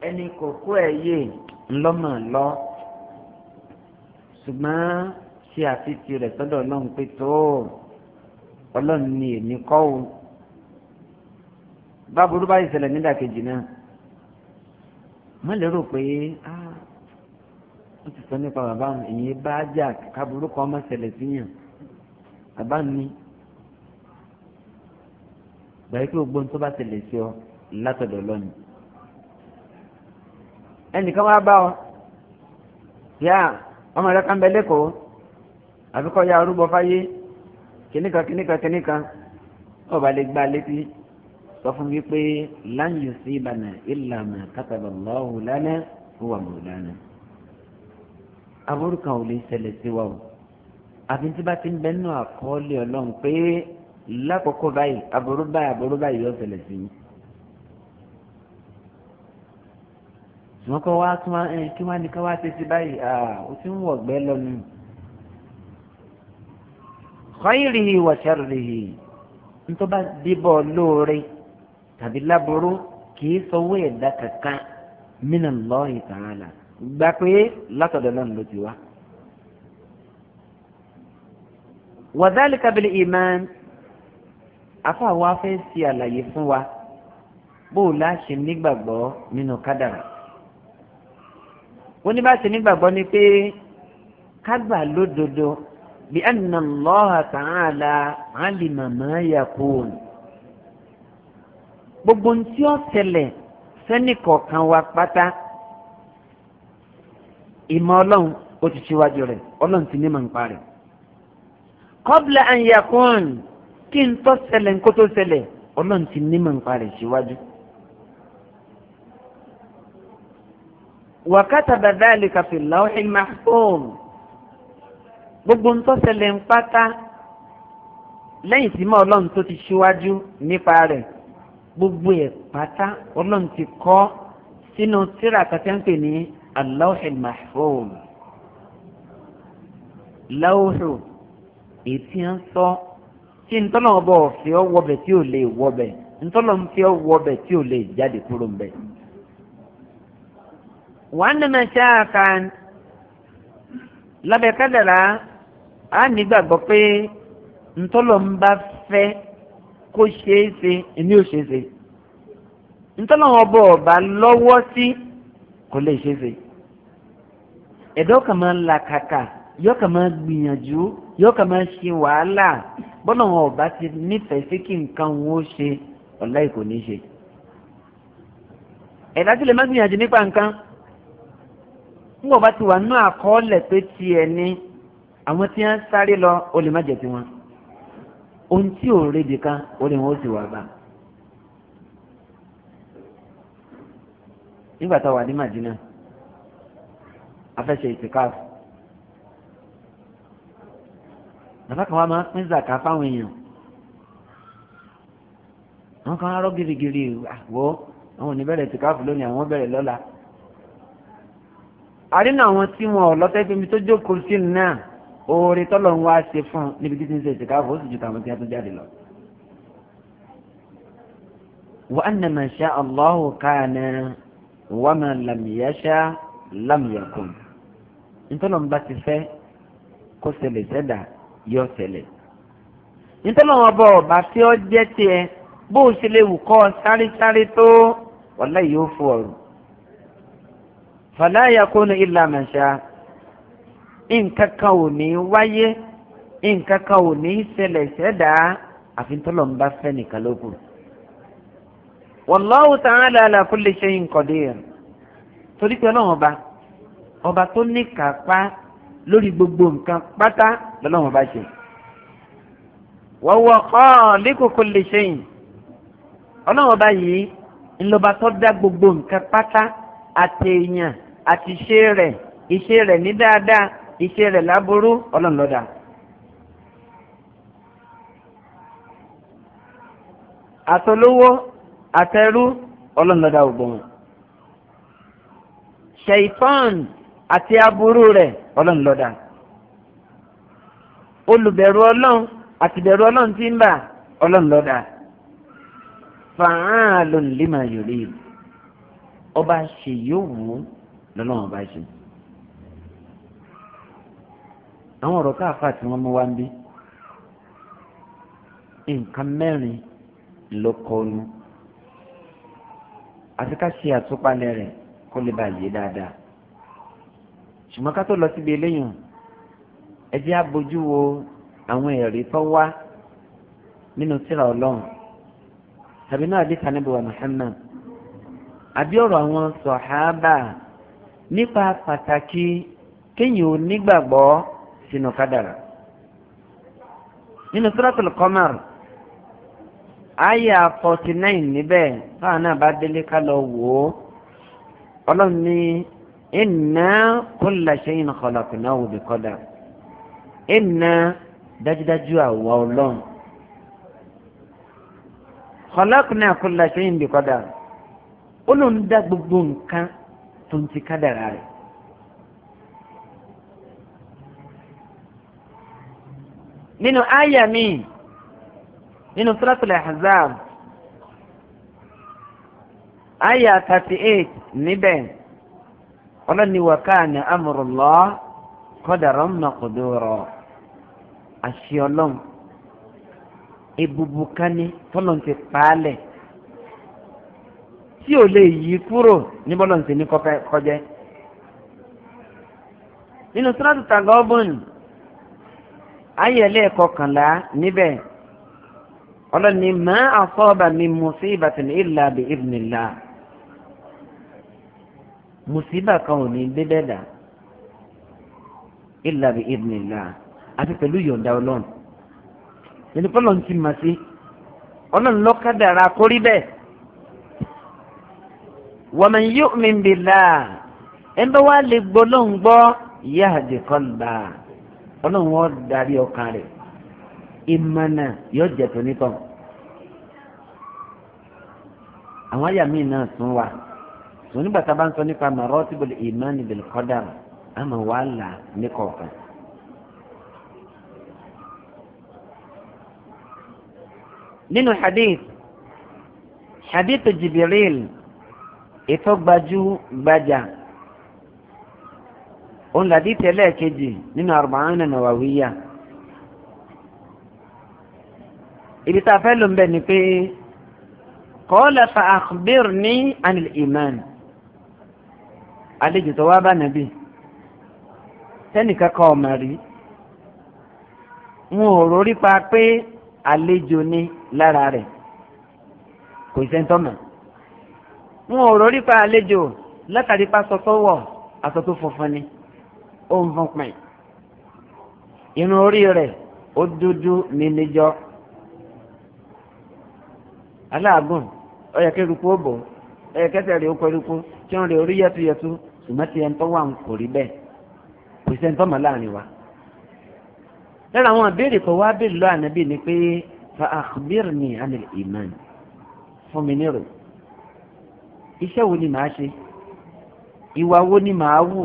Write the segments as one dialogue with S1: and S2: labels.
S1: ẹni kòkó ẹ̀ yé ńlọ́mọ̀ lọ ṣùgbọ́n ṣe àfitì rẹ̀ sọ́dọ̀ ọlọ́run pé tó ọlọ́run ni èmi kọ́ o báburú bá ìṣẹ̀lẹ̀ nídàkejì náà má lérò pé wọ́n ti sọ nípa bàbá mi èyí bá jà káburú kan má ṣẹlẹ̀ síyàn bàbá mi gbàgbé pé gbogbo ohun tó bá ṣẹlẹ̀ sí ọ látọ̀dọ̀ lọ́nìí ẹnìkan wá bá ọ yá ọmọ rẹ kan bẹ lẹ́kọ̀ọ́ àbíkọ ya arúgbó fáyé kìnìkan kìnìkan kìnìkan ọba lè gba létí sọ fún mi pé lan yusibana illa ma kataba Allahu lana huwa mawlana aburú kan ò lè ṣẹlẹ̀ sí wa o àfi tí bá ti ń bẹ nínú àkọọ́lẹ̀ ọlọ́run pé lákòókò báyìí aburú báyìí aburú báyìí yóò ṣẹlẹ̀ sí mi. wọn kọ wá tún ẹ kí wọn ní ká wá tètè báyìí à ó ti ń wọgbẹ lọnà khairihi wa sharrihi nítorí bá dìbò lóore tàbí láboró kìí sọwọ́ ẹ̀dá kankan minallahi ta'ala gbà pé látọ̀dọ̀ náà ló ti wá. wa dhalika bil iman afa ṣe àlàyé fún wa bó o láṣẹ nígbàgbọ́ nínú kádàrà oníbàṣẹ nígbàgbọ́ ni pé kágbà lódodo bí anna Allaha ta'ala alima ma yakun gbogbo ntí ó ṣẹlẹ̀ sẹ́ni kọ̀ọ̀kan wa pátá ìmọ̀ ọlọ́run ó ti ṣíwájú rẹ̀ ọlọ́run ti ní màá ń parẹ́ qabla an kí n tó ṣẹlẹ̀ nkótó ṣẹlẹ̀ ọlọ́run ti ní màá ń parẹ́ ṣíwájú. Si wàkàtàbà dáàlì kàfi lawhil mahfuz gbogbo ń tọ́sẹ̀lẹ̀ ń pátá lẹ́yìn tí mọ́ ọlọ́run tó ti ṣíwájú nípa rẹ̀ gbogbo ẹ̀ pátá ọlọ́run ti kọ sínú tírà kàtẹ́ǹpẹ̀ ní al-lawhil mahfuz ètí ń sọ tí ntọ́lọ́wọ́ fi ọ́ wọbẹ̀ tí ò lè wọbẹ̀ ntọ́lọ́wọ́ fi ọ́ wọbẹ̀ tí ò lè jáde kúrò ń bẹ̀ wàhánà máa ṣe àkàn lábẹ́ kádàrá á nígbàgbọ́ pé ntọ́lọ̀ ń bá fẹ́ kó ṣeé ṣe èmi ò ṣeé ṣe ntọ́lọ̀ wọn bọ̀ ọ̀bà lọ́wọ́ sí kò lè ṣeé ṣe ẹ̀dọ́ kan máa ń la kàkà yọ kàn máa gbìyànjú yọ kàn máa ṣe wàhálà bọ́lá wọn ọ̀bá ti nífẹ̀ẹ́ sí kí nǹkan wọn ó ṣe ọ̀la ìkò ní ṣe ẹ̀dá tí lè má gbìyànjú nípa nǹkan ńgbọ̀ bá ti wà nú àkọọ́lẹ̀ pé tiẹ̀ ni àwọn tí wọ́n sáré lọ ó lè má jẹ tiwọn ohun tí ò ń rédè kan ó lè wọn ó sì wà bá. nígbà tá a wà ní Madina a fẹ́ bàbá kan wá máa pín zàká fáwọn èèyàn wọn kàn á rọ gírígírí ah, wọ àwọn ò ní bẹ̀rẹ̀ ìtìkáàfù lónìí àwọn bẹ̀rẹ̀ lọ́la àrínà àwọn tí wọn ò lọ́tẹ́ pé mi tó jókòó sí náà oore tọ́lọ̀ ń wá ṣe fún un níbi títí ń ṣe ìṣèkáfọ́ ó sì ju tàwọn tí a tún jáde lọ. wa anna ma sha Allahu kana wa ma lam yasha lam yakun. ntọ́lọ̀ ń bá ti fẹ́ kó ṣẹlẹ̀ sẹ́dà yọ ṣẹlẹ̀. ntọ́lọ̀ wọn bọ̀ bá tí ó jẹ́ tiẹ̀ bó ṣe lè wù kọ́ sáré sáré tó wallahi yóò fọ ọ̀rùn fala yakunu illa man sha nǹkan kan ò ní wáyé nǹkan kan ò ní ṣẹlẹ̀ ṣẹ̀dá àfi tọ́lọ̀ ń bá fẹ́ nìkan lókun. wallahu ta'ala ala kulli shay'in qadir torí pé ọlọ́run ọba ọba tó ní kápá lórí gbogbo nǹkan pátá lọ́lọ́run ọba ṣe. wa huwa khaliqu kulli shay'in ọlọ́run ọba yìí ńlọba tó dá gbogbo nǹkan pátá àtẹ̀yàn àti iṣẹ́ rẹ̀ iṣẹ́ rẹ̀ ní dáadáa iṣẹ́ rẹ̀ láburú ọlọ́run ló dá. àtolówó àtẹrú ọlọ́run ló dá ògbọ́n. ṣèyítọ́n àti aburú rẹ̀ ọlọ́run ló dá. olùbẹ̀rù ọlọ́run àtìbẹ̀rù ọlọ́run ti ń bà ọlọ́run fàáàlù lè máa yòrè ọba ṣèyí òwú lọ́lọ́wọ́n bá ṣe. àwọn ọ̀rọ̀ káàfà tí wọ́n mú wá ń bí nǹkan mẹ́rin ló kọnu àti ká ṣe àtúpalẹ̀ rẹ̀ kó lè bàa yé dáadáa ṣùgbọ́n ká tó lọ síbi eléyìí ẹ jẹ́ wo àwọn ẹ̀rí tó wá nínú tírà ọlọ́run tàbí náà dé kanábíwá Muhammad àbí ọ̀rọ̀ àwọn sọ̀háábà nípa pàtàkì kéèyàn ò nígbàgbọ́ sínú kádàrà nínú suratul Qamar àyà forty nine níbẹ̀ báwa náà bá délé ká lọ wò ó ọlọ́run ní inna kulla shay'in khalaqnahu bi qadar inna dájúdájú àwa ọlọ́run khalaqna kulla shay'in bi qadar ó lóun dá gbogbo nǹkan tó ń ti kádàrà rẹ̀. nínú àyà mi nínú Suratul Ahzab àyà thirty eight níbẹ̀ ọlọ́ni wa kana amrullahi qadaran maqdura àṣì ọlọ́run kání tọ́lọ́n ti paálẹ̀ tí ò lè yí kúrò ní bọ́lọ̀ nsé ní kọjẹ́. nínú sọ́dọ̀tù tàgọ́bùn ayẹ̀lẹ́ kọkànlá níbẹ̀ ọlọ́ni máa àfọ́ọ̀bà mi musibatin illa bi idhnillah musiba kan ò ní débẹ̀ dà illa bi idhnillah àti pẹ̀lú yọ̀ǹda ọlọ́run ẹni pọ́lọ́n ti mà sí ọlọ́run lọ́kàdàrà kórí bẹ́ẹ̀ waman yu'min billah ẹ̀ ń bá wá lè gbọ́ ló ń gbọ́ yahdi qalba ọlọ́run wọn darí ọkàn rẹ̀ ìmọ̀nà yóò jẹ́ tó nítọ̀. àwọn àyà míì náà tún wà tó nígbà tá a bá ń sọ nípa maratibul imani bil qadar àmọ́ wàá là ní kọ̀ọ̀kan. hadith hadith jibril ètò gbajú-gbajà òun làdí tẹ́lẹ̀ kejì nínú Arba'in Nawawiyya ibi tá a fẹ́ lò ń bẹ̀ ni pé qala fa akhbirni anil iman àlejò tó wá bá nàbì sẹ́nìkan kan ọ̀mà rí wọn ò rórí pa pé àlejò ni lára rẹ̀ kò sẹ́ńtọ́mọ̀ wọn ò rọrí pa àlejò látàrí pa aṣọ tó wọ̀ aṣọ tó funfun ni ó ń fún pin irun orí rẹ̀ ó dúdú ní níjọ́ aláàgùn ó yẹ kẹrùkú ó bò ó yẹ kẹsẹ̀ rẹ̀ ó kọrùkú tí wọ́n rẹ̀ orí yẹtuyẹtu ṣùgbọ́n tí ẹni tó wà ń kò rí bẹ́ẹ̀ kò sí ẹni tó mọ̀ láàrin wa lára àwọn àbẹ̀rẹ̀ kan wá bẹ̀rẹ̀ lọ́wọ́ ànábì ni pé fa akhbirni anil iman fún mi nírò iṣẹ́ wo ni màá ṣe ìwà wo ni màá wù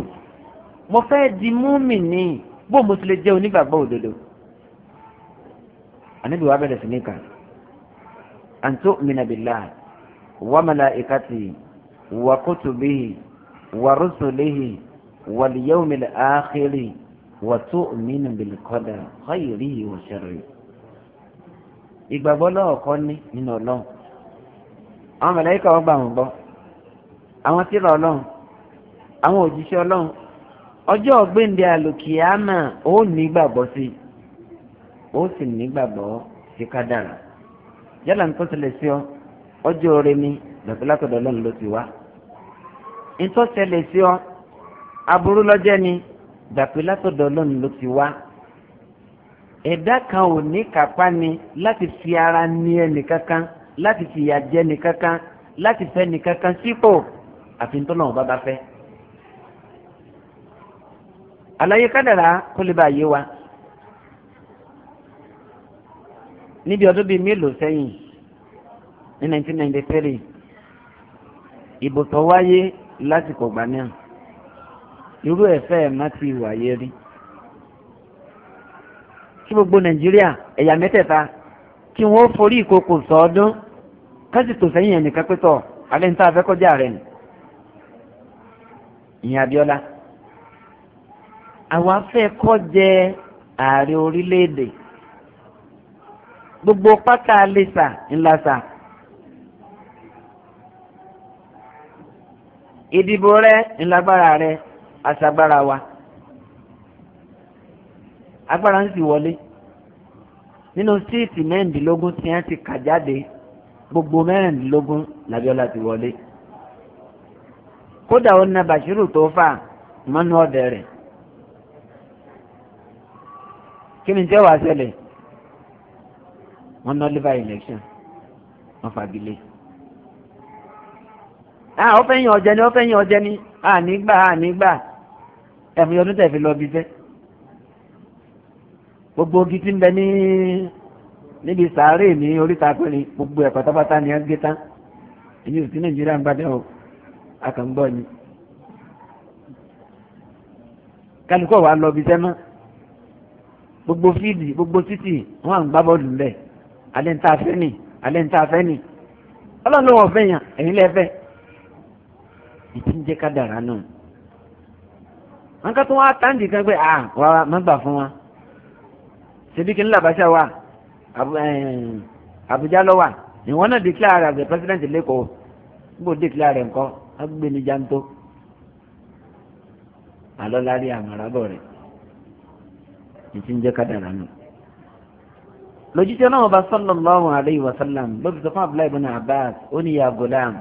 S1: mo fẹ́ di múmìnì bó mo ti lè jẹ́ onígbàgbọ́ òdodo ànábì wa bẹ̀rẹ̀ sí ní kà an tu'mina billahi wa malaikatihi wa kutubihi wa rusulihi wal yawmil akhiri wa tu'minu ìgbàgbọ́ lọ́wọ́ ní nínú ọlọ́run àwọn màláíkà wọn gbà wọn gbọ́ àwọn tírà ọlọ́run àwọn òjíṣẹ́ ọlọ́run ọjọ́ ọ̀gbẹ́ndẹ àlòkìyàmà ó nígbàgbọ́ sí ó sì nígbàgbọ́ sí kádàrà yálà nǹkan ṣẹlẹ̀ sí ọ ọjọ́ oore ni lọ́sọ̀látọ̀dọ̀ ọlọ́run ló ti wá nǹkan ṣẹlẹ̀ sí ọ aburú lọ́jẹ́ ni dàpẹ́ látọ̀dọ̀ ọlọ́run ló ti wá ẹ̀dá kan ò ní kápá ni láti fi ara ní ẹnìkankan láti fìyà jẹ ẹnìkankan láti fẹ́ ẹnìkankan sípò. Si àfi ntọ́lọ́wọ́n bá bá fẹ́. àlàyé kádàrá kó lè bá yé wa níbi ọdún bíi mélòó sẹ́yìn ní 1993 ìbò tó wáyé lásìkò gbà náà irú ẹ̀fẹ́ má ti wáyé rí kí gbogbo nàìjíríà ẹ̀yà mẹ́tẹ̀ẹ̀ta kí wọ́n forí ìkòkò sọ́ọ́dún kásìtò sẹ́yìn ẹnìkan pẹ́tọ̀ alẹ́ níta afẹ́kọ́jà rẹ̀ nì ìyẹn Abíọ́lá àwa fẹ́ kó jẹ ààrẹ orílẹ̀-èdè gbogbo pátá lẹ́sà ńlá sà. ìdìbò rẹ ńlágbára rẹ àṣàgbára wa agbára ń sì wọlé nínú síìtì mẹ́rìndínlógún tí wọ́n ti kà jáde gbogbo mẹ́rìndínlógún làbíọ́lá ti wọlé kódà ó na bàṣírù tó fà mọ́nú ọ̀dẹ rẹ̀ kí ni tí ó wàá ṣẹlẹ̀ wọ́n ná liver election wọ́n fagilé a ó fẹ́ yàn ọ̀jẹ̀ ni ó fẹ́ yàn ọ̀jẹ̀ ni ànígbà ànígbà ẹ̀fún ọdún tẹ̀ fi lọ bí fẹ́ gbogbo ogi tí ń bẹ ní níbi sàárè ní oríta pẹ̀lú gbogbo ẹ̀ ni ẹ ń gé tán èyí ò sí nàìjíríà ń gbádẹ́ o akàngbọ́ ni kálukọ́ wa lọ bí sẹ́mọ́ gbogbo fíìdì gbogbo títì wọn à ń gbá bọ́ọ̀lù ńlẹ̀ alẹ́ ń ta afẹ́ nì alẹ́ ń ta afẹ́ nì ọlọ́run ló wọ̀ fẹ́ yàn ẹ̀yin lẹ́ fẹ́ ìtí ń jẹ́ ká dàrá nù wọn ká wọn àtàǹdì kan pé ah wàá má gbà fún wa ṣebí kí n làbáṣà wa Àbújá lọ wà ìwọ náà declare as the president lẹ́kọ̀ọ́ gbọ́dọ̀ declare nǹkan wọ́n gbé ní jántó alọ́lárí àwọn arábọ̀ rẹ̀ ìtì ń jẹ́ kádàrà nù. lójútì ọlọ́run ọba sallallahu alayhi wa sallam ló fi sọ fún abdullahi ibn abbas ó ní ya gulam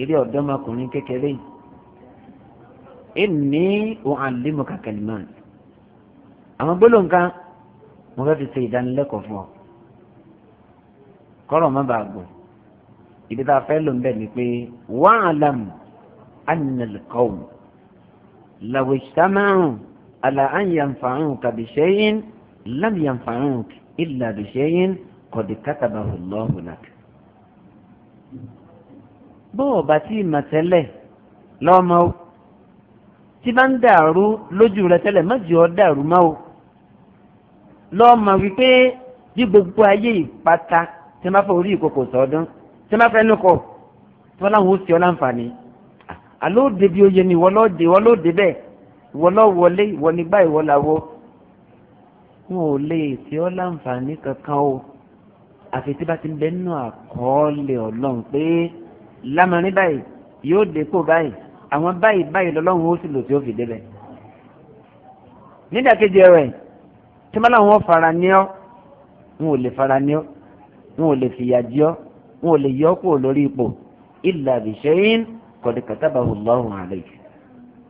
S1: ilé ọ̀dọ́mọkùnrin kékeré inni u'allimuka kalimat àwọn gbólóhùn mo fẹ́ fi ṣe ìdánilẹ́kọ̀ọ́ fún ọ kọ́rọ̀ má bàa gbọ́ ibi tá a fẹ́ lò ń bẹ̀ ni pé wa'lam anna al-qawm law ijtama'u ala an yanfa'uka bi shay'in lam yanfa'uka illa bi shay'in qad katabahu Allahu lak. bọ́ọ̀ bá tí ì mà tẹ́lẹ̀ lọ́mọ o tí bá ń dàrú lójú rẹ tẹ́lẹ̀ má jẹ́ ọ dàrú mọ́ o lọ́mọ wípé bí gbogbo ayé ìpata tí wọ́n bá fọ orí ìkòkò sọ́dún tí wọ́n bá fẹ́ nukọ tí wọ́n láwọn ó sì ọ́ láǹfààní àlọ́ òde bí oyè ni ìwọ lọ́ọ́ dé ìwọ lọ́ọ́ dé bẹ́ẹ̀ ìwọ lọ́ọ́ wọlé ìwọ nígbà ìwọ làwọ wọn ò lè tí ọ́ láǹfààní kankan o àfi tí bá ti bẹ nínú àkọọ́lẹ̀ ọlọ́run pé lámàrin báyìí yóò dé kó báyìí àwọn báyìí báyìí lọ́lọ́run ó sì lò tí ó fi débẹ̀. nídàkejì ẹ̀wẹ̀ tí wọ́n láwọn fara ní ọ́ wọn ò lè fara ní ọ́ wọn ò lè fìyà jẹ ọ́ wọn ò lè yọ kúrò lórí ipò illa bi shay'in qad katabahu Allahu alayhi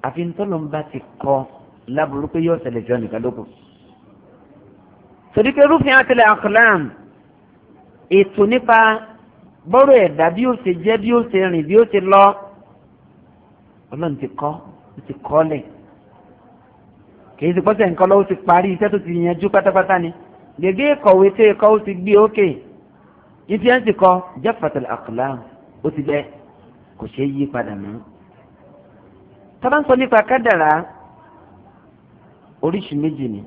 S1: àfi ntọ́lọ́mbà ti kọ láburú pé yóò ṣẹlẹ̀ jọ nìkan lóko. sọ̀díkẹ́ rúfin àtẹlẹ àkàlàm ètò nípa bọ́rọ̀ ẹ̀dá bí ó ṣe jẹ́ bí ó ṣe rìn bí ó ṣe lọ ọlọ́run ti kọ́ ó ti kọ́ lẹ̀ kìí ti pọ́sẹ̀ nǹkan lọ́wọ́ ti parí iṣẹ́ tó ti yanjú pátápátá ni gègé ìkọ̀wé tí ẹ̀kọ́ ó ti gbé òkè. Okay ìdí ẹ̀ ń ti kọ jaffatul aqlam ó ti bẹ́ kò ṣeé yí padà mọ́. tábà nípa kádàrá oríṣi méjì ni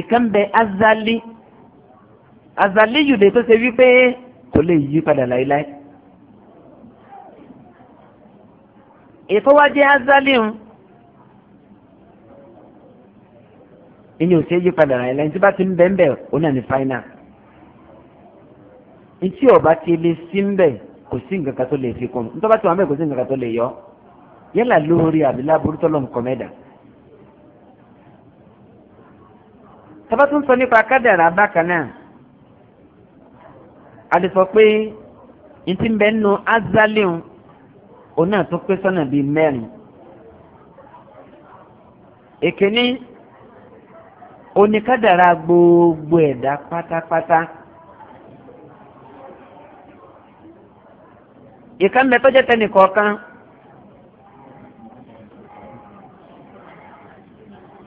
S1: ìkan bẹ azali azali yùdẹ tó ṣe wípé kò lè yí padà láéláé. ìfọwọ́jẹ́ azali ń ìyẹn ò ṣeé yí padà láéláé tí bá ti ń bẹ́ẹ̀ bẹ́ẹ̀ ó náà ní fáínà ntí ọba ti lè sí mbẹ kò sí nǹkan kan tó lè fi kún ntọ́ba tí wọn bẹ kò sí nǹkan kan tó lè yọ yálà lórí àbílá burúkú lọ́n kọ́ mẹ́dà. tọ́ba tún sọ nípa kádàrá bákan náà àdìsọ pé ntí ń nù azaliun òun náà pé sọ́nà bíi mẹ́rin. èkíní oníkádàrá gbogbo ẹ̀dá pátápátá. Pata ìkan bẹ tọ́jẹ́ tẹ́nì
S2: kọ̀ọ̀kan.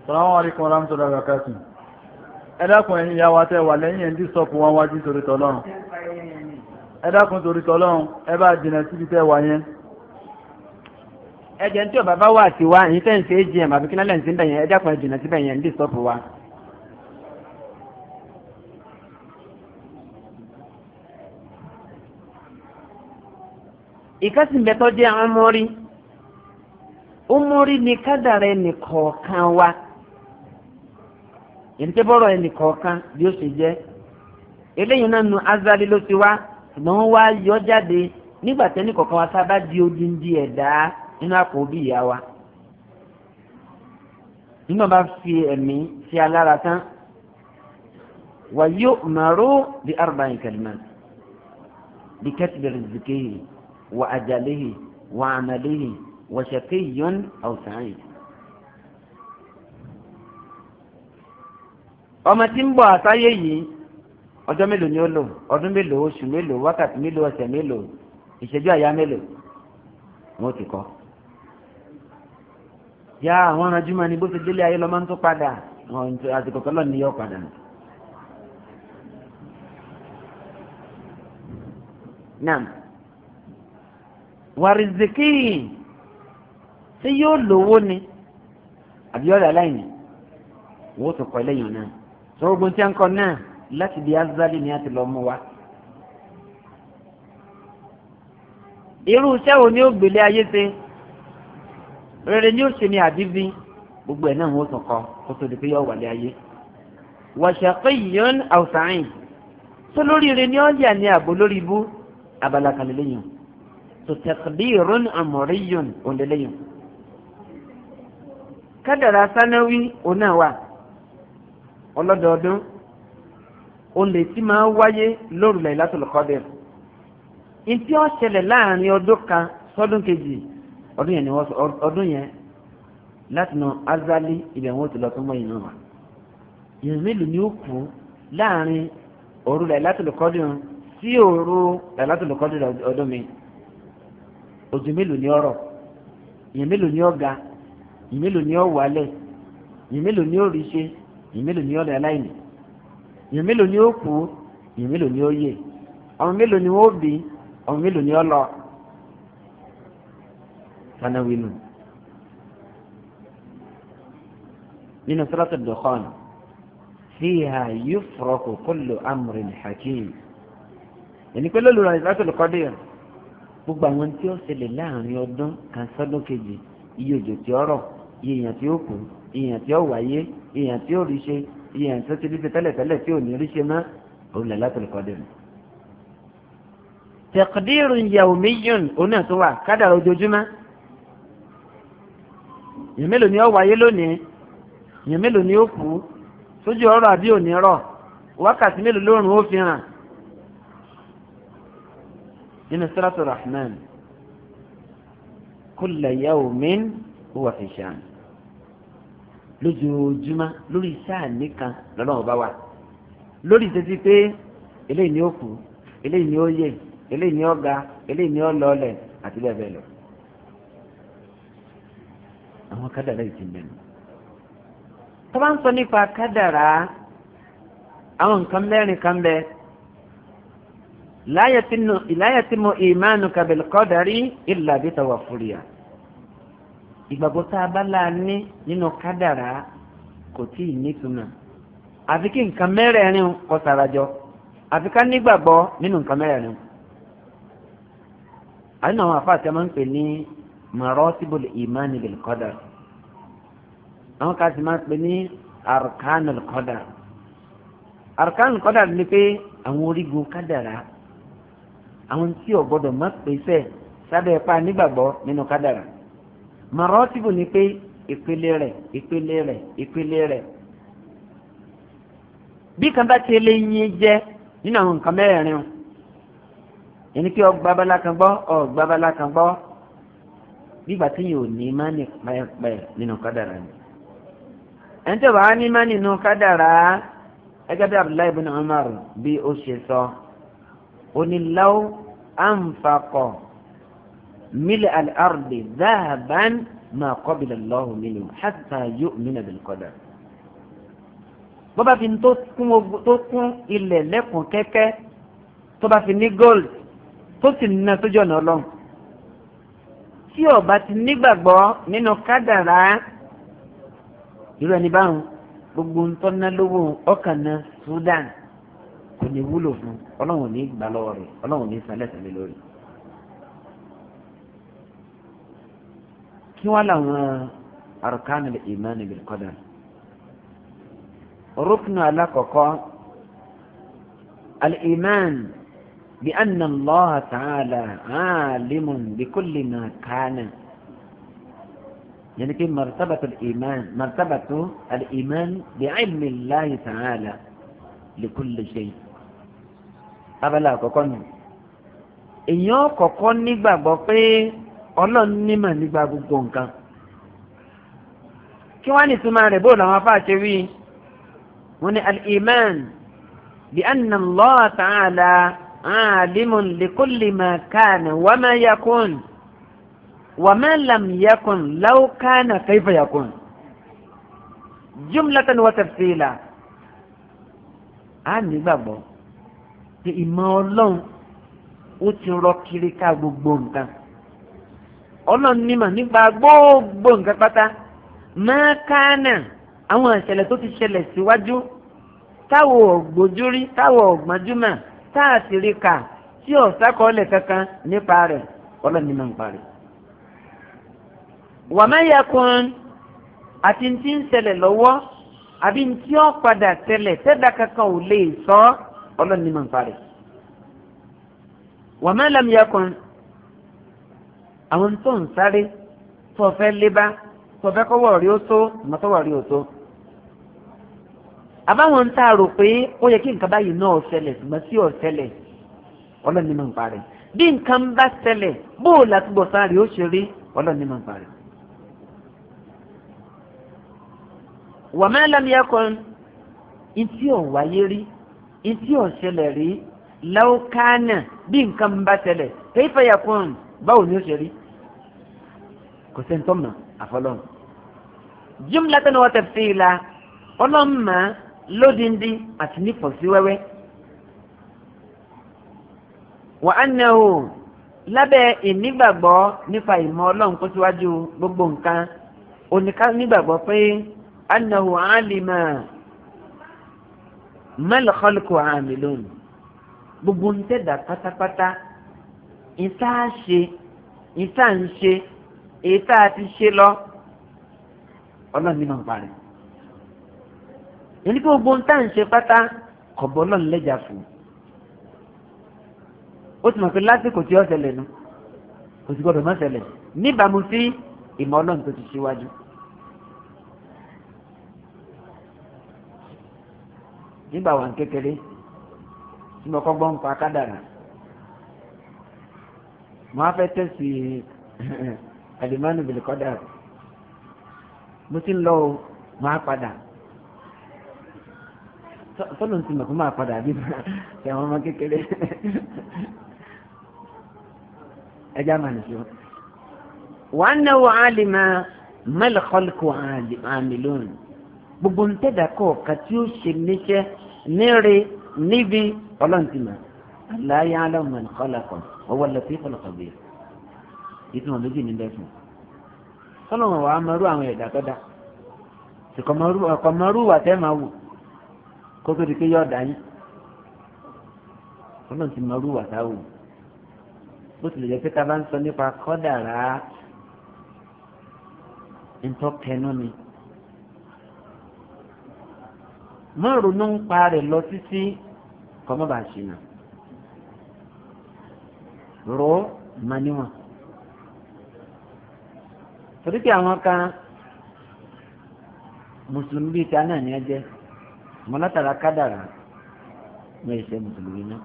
S2: sàlámù alaykum wa rahmatulahi wa barakatuh. ẹ dákun ẹ̀yin ìyá wa tẹ́ wà lẹ́yìn ẹ̀ ń dísọ́pù wọn wájú torí tọ́lọ́run. ẹ dákun torí tọ́lọ́run ẹ bá jìnnà síbi tẹ́ wà yẹn.
S1: ẹ jẹ́ ní tí ò bàbá wà sí wa èyí tẹ́ ń ṣe é jiyàn bàbí sí ń bẹ̀yẹn ẹ dákun síbẹ̀ yẹn ń dísọ́pù wa. ìkásí mẹ́tọ́ jẹ́ ọmọrí ọmọrí ni kádàrá ẹnìkọ̀ọ̀kan wa ìdíjẹ́bọ̀rọ̀ ẹnìkọ̀ọ̀kan bí ó ṣe jẹ́ eléyìí náà nu azali ló ti wá ṣùgbọ́n wọ́n wá yọ jáde nígbà tẹ́ni kọ̀ọ̀kan wa sábà di odindi ẹ̀dá nínú àpò bí ìyá wa nínú bá fi ẹ̀mí sí alára tán wàyí màrú bí arúgbó àyìnkàlímà bí kẹ́tìbẹ̀rẹ̀ zìkéyìí. وأجله وعمله وشقي أو سعيد ọmọ tí ń bọ̀ àsáyé yìí ọjọ́ mélòó ni ó lò ọdún mélòó oṣù mélòó wákàtí mélòó ọ̀sẹ̀ mélòó ìṣẹ́jú àyá mélòó wọn ò ti kọ́. yá àwọn arajúmọ́ ni bó ṣe délé ayé lọ́mọ́ ń tó padà àsìkò kan lọ́ọ̀ ní yọ padà náà wàrìzìkì ṣé yóò lówó ni àbí ọ̀dà aláìní wọ́n tó kọ́ ẹlẹ́yìn náà sọ ogun tí a ń kọ́ náà láti di azali ni a ti lọ mú wa. irú iṣẹ́ wo ni ó gbélé ayé ṣe rere ni ó ṣe ni àbíbí gbogbo ẹ̀ náà wọ́n tó kọ́ kó tó di pé yọ wàlé ayé. wàṣàkó yìnyín àwùsàn yìí tó lóríire ni ó yà ní àbò lórí ibú abala kan lélẹ́yìn o tó tẹ̀kídìrún àmọ̀ríyùn òǹdẹ́lẹ́yìn. kádàrá sánáwí ọ̀nà wà ọlọ́dọọdún olè tí máa wáyé lóru Laylatul Qadr. ìtí ó ṣẹlẹ̀ láàrin ọdún kan sọ́dún kejì ọdún yẹn ni wọ́n ọdún yẹn láti nà azali ibẹ̀ wọn ti lọ tó mọ ìnà wa. èèyàn mélòó ni ó kú láàrin òru Laylatul Qadr sí òru Laylatul Qadr ọdún mi òjò mélòó ni ọ̀rọ̀ ìyẹn mélòó ni ọ̀ga ìyẹn mélòó ni ọ̀wálẹ̀ ìyẹn mélòó ni òrìṣe ìyẹn mélòó ni ọ̀rẹ́ aláìní ìyẹn mélòó ni ó kú ìyẹn mélòó ni ó yè ọmọ mélòó ni wọ́n bí ọmọ mélòó ni ó lọ. sanawinu nínú sọ́lọ́tò dùkọ́n fíhà yufraku kullu amrin hakim ẹni pé lọ́lùrọ̀ ìsọ́lọ́tò yẹn gbogbo àwọn tí ó ṣẹlẹ̀ láàrin ọdún kan sọ́dún kejì iye òjò tí ó iye èèyàn tí ó kù iye èèyàn tí ó wáyé iye èèyàn tí ó rí ṣe iye èèyàn tó ti rí ṣe tẹ́lẹ̀tẹ́lẹ̀ tí ò ní rí ṣe mọ́ òun Lailatul Qadr. taqdirun yawmiyyun òun náà tó wà kádàrá ojoojúmọ́ èèyàn mélòó ni ó wáyé lónìí èèyàn mélòó ni ó kù sójú ọ̀rọ̀ àbí òní rọ̀ wákàtí mélòó lóòrùn ó fi nínú sírátù rahman كل يوم هو في shan lójoojúmọ́ lórí sáà nìkan lọ́lọ́run bá wà lórí ìtẹ́sí pé eléyìí ni ó kú eléyìí ni ó yè eléyìí ni ó ga eléyìí ni ó lọlẹ̀ àti bẹ́ẹ̀ bẹ́ẹ̀ lọ. àwọn kádàrá yìí ti mẹ́nu. tó bá ń sọ nípa kádàrá àwọn nǹkan mẹ́rin kan bẹ́ẹ̀ la yatimu imanuka bil qadari illa bi tawaffuriha ìgbàgbọ́ tá a bá la ní nínú kádàrá kò tí ì nítumọ̀ àfi kí nǹkan mẹ́rẹ̀ẹ̀rin kọ sarajọ àfi ká nígbàgbọ́ nínú nǹkan mẹ́rẹ̀ẹ̀rin àyìn àwọn afáàtì máa ń pè ní maratibul imani bil qadar àwọn kan sì máa ń pè ní arkanul qadar arkanul qadar ni pé àwọn orígun kádàrá àwọn tí ò gbọdọ̀ má pèsè sábẹ́ ẹ̀pá nígbàgbọ́ nínú kádàrà mọ̀rọ́tìbù ni pé ìpele rẹ̀ ìpele rẹ̀ ìpele rẹ̀ bí kan bá ti eléyìn jẹ́ nínú àwọn nǹkan mẹ́rin o ẹni pé ọgbà abala kan gbọ́ ọgbà abala kan gbọ́ nígbà tí yóò ní mánì pẹ́ẹ́pẹ́ nínú kádàrà ni ẹni tó bá ní mánì nínú kádàrà ẹgbẹ́ Abdullahi ibn Umar bí ó ṣe sọ. So oníláwó ànfàkọ̀ mílẹ̀ àlárùdè dáhàbán máa qabila Allahu minhu hatta yu'mina bil qadar. bó bá fi tó kún ilẹ̀ lẹ́kùn kẹ́kẹ́ tó bá fi ní gold tó sì ná sójú ọ̀nà ọlọ́run tí ó ti nígbàgbọ́ nínú kádàrá irú ẹni báwọn gbogbo ń tọ́ná lówó ọkàn náà Sudan kò ní wúlò fún ọlọ́run ní gbà lọ́wọ́ rẹ̀ ọlọ́run ní sanlẹ̀ tẹ̀lé lórí. kí wọ́n làwọn arkanu al-iman bil-qadar ruknu alákọ̀ọ́kọ́ al-iman bi anna Allah ta'ala alimun bi kulli ma kana يعني كيف مرتبة الإيمان مرتبة الإيمان بعلم الله تعالى لكل شيء abala àkọ́kọ́ nù èèyàn kọ́kọ́ nígbàgbọ́ pé ọlọ́run nímọ̀ nígbà gbogbo nǹkan kí wọ́n á nìtumọ̀ rẹ̀ bó làwọn afá ṣe wí wọ́n ní al-iman bi anna Allah ta'ala alimun li kulli ma kana wa ma yakun wa ma lam yakun law kana kayfa yakun jumlatan wa tafsila á nígbàgbọ́ pé ìmọ̀ ọlọ́run ó ti rọ kiri ká gbogbo nǹkan ọlọ́run nímọ̀ nípa gbogbo nǹkan pátá máa kánà àwọn ìṣẹ̀lẹ̀ tó ti ṣẹlẹ̀ síwájú táwọn ògbójúrí táwọn ògbọ́njúmọ̀ táàsìrí kà tí ọ̀sákọọ́lẹ̀ kankan nípa rẹ̀ ọlọ́run nímọ̀ nípa rẹ̀ wàmáyà kan àti ti ń ṣẹlẹ̀ lọ́wọ́ àbí ti ọ̀ padà ṣẹlẹ̀ tẹ́dà kankan ò lè sọ ọ́ ọlọ́run ní màǹfà rẹ̀ wọ́n máa làmì yakun àwọn tó ń sáré tó o fẹ́ lébá tó o fẹ́ kọ́wọ́ rí o tó mọ́tọ́wọ́ rí o tó àbáwọn ń tààrò pé ó yẹ kí nǹkan báyìí náà ṣẹlẹ̀ ṣùgbọ́n sí ò ọlọ́run ní màǹfà rẹ̀ bí nǹkan bá ṣẹlẹ̀ bóòlù àtúbọ̀ sáré ó ṣe rí ọlọ́run ní màǹfà rẹ̀ wọ́n máa làmì yakun ntí ò wáyé rí ìtí ọ̀ṣẹlẹ̀ rí láwùkánà bí nǹkan bá ṣẹlẹ̀ kayfa yakun báwo ni ó ṣe rí kò sẹ́ni tó mọ̀ àfọlọ́n. jumlatan wa tafsila ọlọ́mọ lódindi àti nípò sí wẹ́wẹ́. wa annahu lábẹ́ ìnígbàgbọ́ nípa ìmọ̀ ọlọ́run kó síwájú gbogbo nǹkan oníkà nígbàgbọ́ pé annahu alima mal khalqu amilun gbogbo ń tẹ̀dá pátápátá ìta ṣe ìta ń ṣe ìta ti ṣe lọ ọlọ́run ní máa ń parí ẹni pé gbogbo ń tà ń ṣe pátá kọ̀bọ̀ ọlọ́run lẹ́jà fún ó ti mọ̀ pé lásìkò tí ó ṣẹlẹ̀ nu kò sì gbọdọ̀ mọ́ ṣẹlẹ̀ níbàámu sí ìmọ̀ ọlọ́run tó ti ṣíwájú. nígbà wà kékeré tí mo kọ́gbọ́n pa kádàrà mo á fẹ́ tẹ̀sí alimani bilikọ́dà mo ti ń lọ o mo á padà sọ́dọ̀ ti mọ̀ fún máa padà bí ẹ̀wọ̀n ọmọ kékeré ẹja máa nìṣó. wàá náwó àlìmọ́ mẹ́lẹ̀kọ́lùkù àmì lónìí gbogbo ntẹ́dà kọ̀ọ̀kan tí ó ṣe níṣẹ́ níre níbi ọlọ́ntìmọ̀ aláyé aláwọ̀mọ̀ nìkọ́lákọ̀ ọwọ́ lọ́tí kọlọ̀kọ̀bẹ̀ ìtumọ̀ méjì ní bẹ́ẹ̀ fún un. sọlọ́wọ́n wàá mọ̀rú àwọn ẹ̀dá tọ́da kọ̀mọ̀rú wà tẹ́ máa wù kó tó di pé yọ̀ ọ̀dà yín ọlọ́ntì mọ̀rú wù bó tilẹ̀ jẹ́ pé ká bá ń sọ nípa kọ́dàrá ntọ́kẹnu ni. má ronú ń pa rẹ̀ lọ títí kọ́mọ́ bá ṣìnà rọ maniwọn torí pé àwọn kan mùsùlùmí bíi ta náà ní ẹ jẹ mọlátara kádàrà ní ẹsẹ mùsùlùmí náà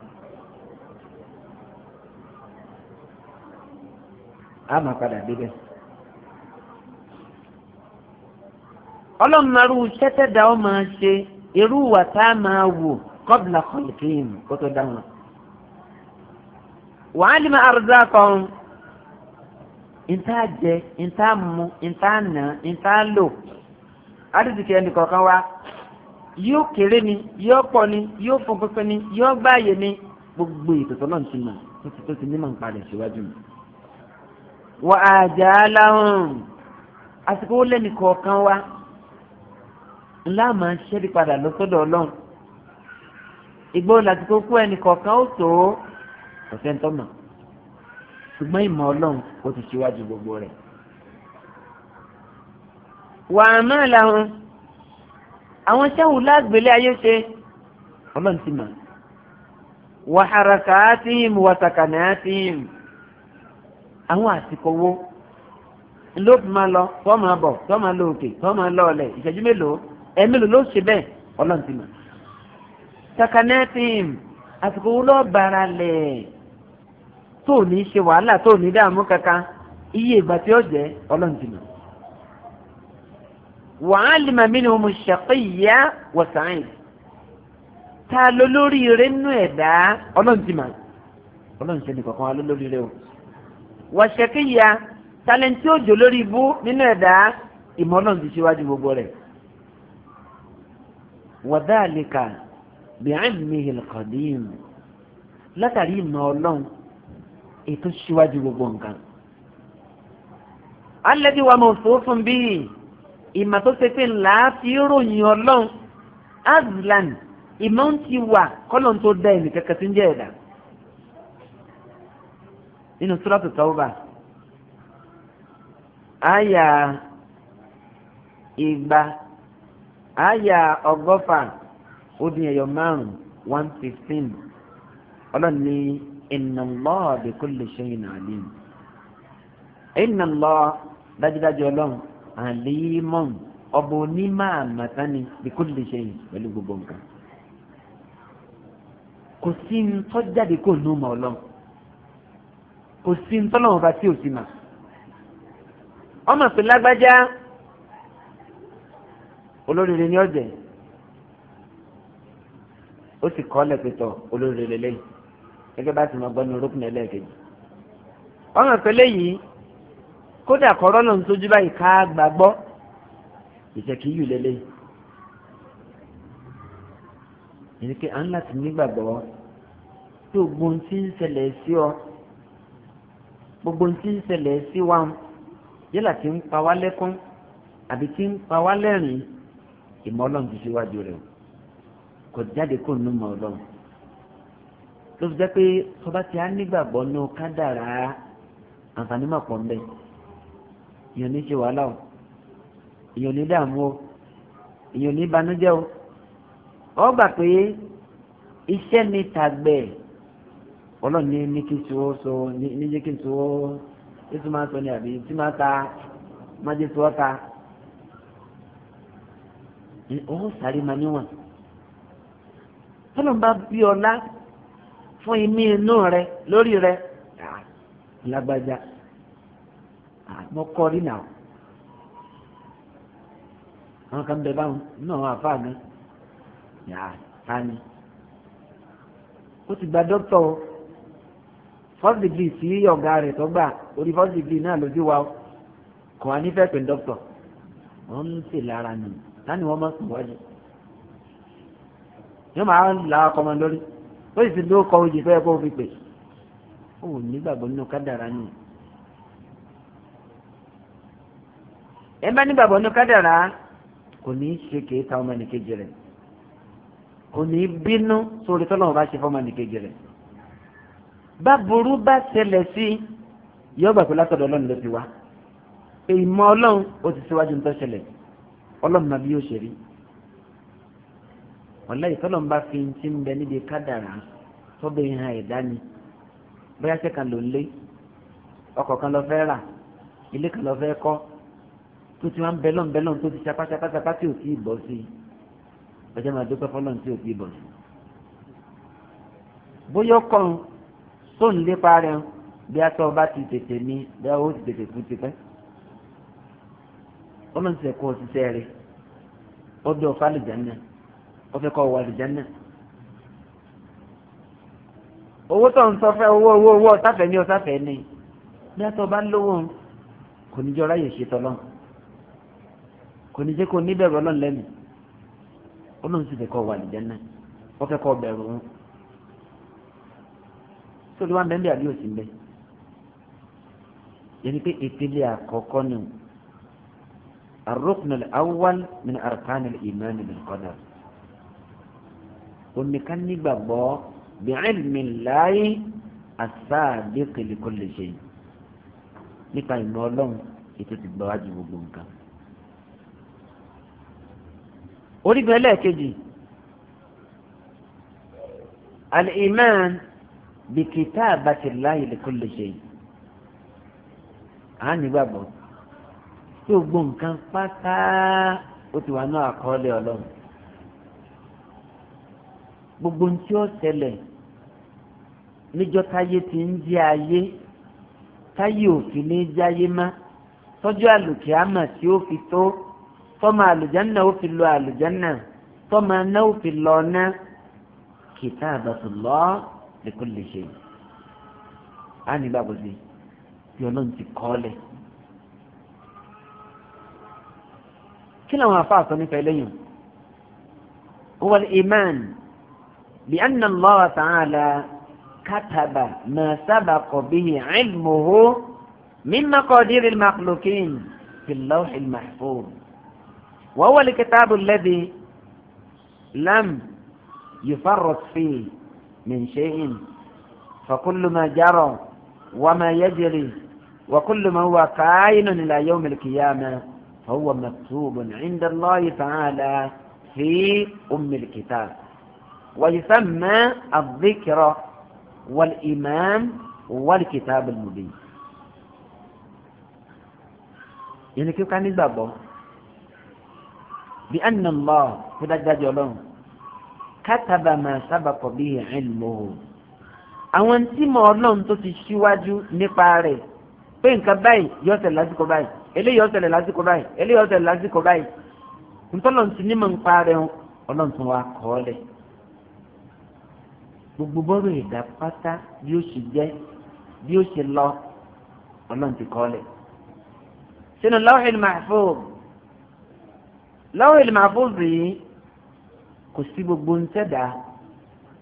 S1: a máa padà débẹ̀. ọlọ́run máa rú iṣẹ́ tẹ́dá ọ máa ṣe irú wà tá a máa wò kọ́bìlà kọ̀lìkìm kó tó dá wọn. wàá lè máa arúgbó kan ìta jẹ ìta mu ìta nà ìta lò adìsíkì ẹnì kọ̀ọ̀kan wa yóò kéré ni yóò pọ̀ ni yóò fún ni yóò gbáàyè ni gbogbo ìtòtò náà ti mọ̀ tó ti ní màá palẹ̀ síwájú mi. wà á jà á láhùn àsìkò ó wa ńlá máa ń ṣẹ́rí padà lọ́sọ́dọ̀ ọlọ́run ìgbó láti kókó ẹnì kọ̀ọ̀kan ó tó ọ̀sẹ̀ ń tọ́mọ̀ ṣùgbọ́n ìmọ̀ ọlọ́run ó ti ṣíwájú gbogbo rẹ̀ wà á máa làwọn àwọn sẹ́wù lágbèlé ayé ṣe ọlọ́run ti mọ̀ wà àràkà á ti hìm wà sàkànà á ti hìm àwọn àsìkò wo ló fi máa lọ tọ́ máa bọ̀ tọ́ máa lọ òkè tọ́ máa lọ ọ̀lẹ̀ ìṣẹ́jú mélòó ẹ̀mí ló ló ṣe bẹ́ẹ̀ ọlọ́run ti mọ̀. sakanẹ́tìm àsìkò wo lọ́ọ́ bára lẹ̀ tó ní ṣe wàhálà tó ní dààmú kankan iye ìgbà tí ó jẹ́ ọlọ́run ti mọ̀. wa'alima minhum ash-shaqiyya wa sa'id ta ló lórí rẹ̀ nínú ẹ̀dá ọlọ́run ti mọ̀ ọlọ́run ṣe nìkan kan wá ló lórí rẹ̀ o. wa shaqiyya talenti òjò lórí ibú nínú ẹ̀dá ìmọ̀ ọlọ́run ṣíwájú gbogbo rẹ̀ wàdáàlíkà bíàmìhì lọ́kọ̀dín látàrí ìmọ̀ ọlọ́run ètò síwájú gbogbo nǹkan. alẹ́bí wa mọ̀ fòófin bíi ìmọ̀ tó ṣe pé ńlá fi ròyìn ọlọ́run azlan ìmọ̀ ń ti wà kọ́lọ̀ tó dá ẹnì kankan tí ń jẹ́ ẹ̀dá. nínú sùrọ̀tù tọ́wọ́bà àyà ìgbà Aya ọgọ́fà ó dín ẹyọ márùn one fifteen ọlọ́ni inna Allah bi kulli shay'in alim inna Allah dájúdájú ọlọ́run àlímọ́n ọba onímọ̀ àmàtánì bi kulli shay'in pẹ̀lú gbogbo nǹkan kò sí ń tọ́jáde kó nù mọ́ ọlọ́run kò sí ń tọ́lọ́run bá tí ò sí mà ọmọ pé lágbájá olóríire ni ọ̀jẹ̀ ó sì kọ́ lẹ́pẹ̀tọ̀ olóríire lẹ́yìn gẹ́gẹ́ bá ti máa gbọ́ ní orókùn ẹlẹ́ẹ̀kejì ọ̀ràn pẹ̀lẹ́ yìí kódà kọ́rọ́nà ń tójú báyìí ká gbàgbọ́ ìṣèkìyù lẹ́lẹ́yìn ìní pé à ń láti nígbàgbọ́ tí gbogbo ohun tí ń ṣẹlẹ̀ sí ọ gbogbo ohun tí ń ṣẹlẹ̀ sí wa yálà tí ń pa wá lẹ́kún àbí tí ń pa wá lẹ́rìn-ín ìmọ̀ ọlọ́run ti ṣíwájú rẹ̀ kò jáde kó nínú ìmọ̀ ọlọ́run ló fi jẹ́ pé tó bá ti á nígbàgbọ́ ní kádàrá àǹfààní mà pọ̀ mbẹ́ èèyàn ní ṣe wàhálà o èèyàn ní dààmú o èèyàn ní banújẹ́ o ọ gbà pé iṣẹ́ mi tàgbẹ̀ ọlọ́run ní kí n sọ sọ ní kí n sọ ó tí máa sọ ní àbí tí máa ta máa ta ọwọ́ sáré máa níwọ̀n tọ́lọ́ bá bí ọlá fún imí inú rẹ lórí rẹ lágbájá mo kọ́ rí nà àwọn kan bẹ báwọn náà àfáà gan yàrá tani ó ti gba dókítà o first degree sí ọ̀gá rẹ̀ tó gbà orí first degree náà lójú wa kò wá nífẹ̀ẹ́ pé dókítà wọ́n ń tè lára nìyí láni wọ́n máa ń wáyé yóò máa ń la ọkọ̀mọ lórí ó sì ti ló kọ oyè fẹ́ kó fi pè ó ò nígbàgbọ́ nínú kádàrá ni ẹ bá nígbàgbọ́ nínú kádàrá kò ní í ṣe kéèta ọmọ nìkejì rẹ̀ kò ní í bínú sórí tọ́lọ́mù bá ṣe fọ́mọ nìkejì rẹ̀ bá burú bá ṣẹlẹ̀ sí yọ̀ọ́ gbàgbé látọ̀dọ̀ ọlọ́run ló ti wá èèmọ̀ ọlọ́run ó ti síwájú ń tọ́ ṣẹlẹ̀ ọlọ́run náà bí yóò ṣe rí ọ̀la ìtọ́lọ́n bá fi ti ń bẹ níbi kádàrá tọ́bẹ̀ ìhàn ẹ̀dá ni bóyá ṣe kan ló ń lé ọkọ̀ kan lọ fẹ́ rà ilé kan lọ fẹ́ kọ́ tó ti wọn bẹ́lọ̀n bẹ́lọ̀n tó ti ṣapáṣapáṣapá tí ò tí ì bọ́ sí i ọjọ́ máa dúpẹ́ fọlọ́n tí ò tí ì sí i. bóyá ọkọ̀ tó ń lépa rẹ̀ bí a tọ́ ọ bá ti tètè ní bí a ó ti tètè kú ti ọlọ́sẹ̀ kọ́ ṣiṣẹ́ rẹ̀ ọdún ọ̀fà àlùjáná ọfẹ́ kọ́ wọ àlùjáná. owó tó ń sọfẹ́ owó owó owó ọ̀sáfẹ́ ní ọ̀sáfẹ́ ni bí atọ́ bá lówó kò ní jọ ráyè ṣe tọ́lọ́ kò ní jẹ́ kó ní bẹ̀rù ọlọ́run lẹ́nu ọlọ́sẹ̀ kọ́ wọ àlùjáná ọfẹ́ kọ́ bẹ̀rù wọn. sọ́dọ̀ wa ń bẹ́ẹ̀ bí àbí òsì ń yẹn ni pé ìpele àkọ́kọ́ ni الركن الأول من أركان الإيمان بالقدر ونكني بابا بعلم الله السابق لكل شيء nípa ìmọ̀ ọlọ́run ètò ti gbọ́ wájú gbogbo nǹkan. orígun ẹlẹ́ẹ̀kejì al-iman bi kitabati llahi li kulli shay. à ń nígbàgbọ́ tí gbogbo nǹkan pátá ó ti wà ní àkọọ́lẹ̀ ọlọ́run gbogbo ń tí ó ṣẹlẹ̀ níjọ́ táyé ti ń jẹ́ ayé táyé òfin ní jáyé má tọ́jú àlùkìámà tí ó fi tó tọ́mọ àlùjánà ó fi lọ àlùjánà tọ́mọ aná ó fi lọ ọ̀nà kitabatullah li kulli shay. a nígbàgbọ́ sí bí ọlọ́run ti kọ́ ọ lẹ̀. كلها منافات صنف إليهم هو الإيمان بأن الله تعالى كتب ما سبق به علمه من مقادير المخلوقين في اللوح المحفوظ وهو الكتاب الذي لم يفرط فيه من شيء فكل ما جرى وما يجري وكل ما هو كائن الى يوم القيامه فهو مكتوب عند الله تعالى في أم الكتاب ويسمى الذكر والإمام والكتاب المبين يعني كيف كان الباب بأن الله كده كتب ما سبق به علمه àwọn tí mọ ọlọ́run tó ti ṣíwájú nípa rẹ̀ pé nǹkan báyìí yọ̀ọ̀sẹ̀ lásìkò báyìí eléyìí ọ̀sẹ̀lẹ̀ lásìkò báyìí eléyìí ọ̀sẹ̀lẹ̀ lásìkò báyìí ntọ́lọ̀ ntì ní mọ̀ ń parẹ́ o ọlọ́run tún wá kọ́ ọ lẹ̀ gbogbo bọ́ọ̀rọ̀ ìdá pátá bí ó ṣe jẹ́ bí ó ṣe lọ ọlọ́run ti kọ́ ọ lẹ̀ sínú lawhil mahfuz lawhil mahfuz yìí kò sí gbogbo ń tẹ̀dá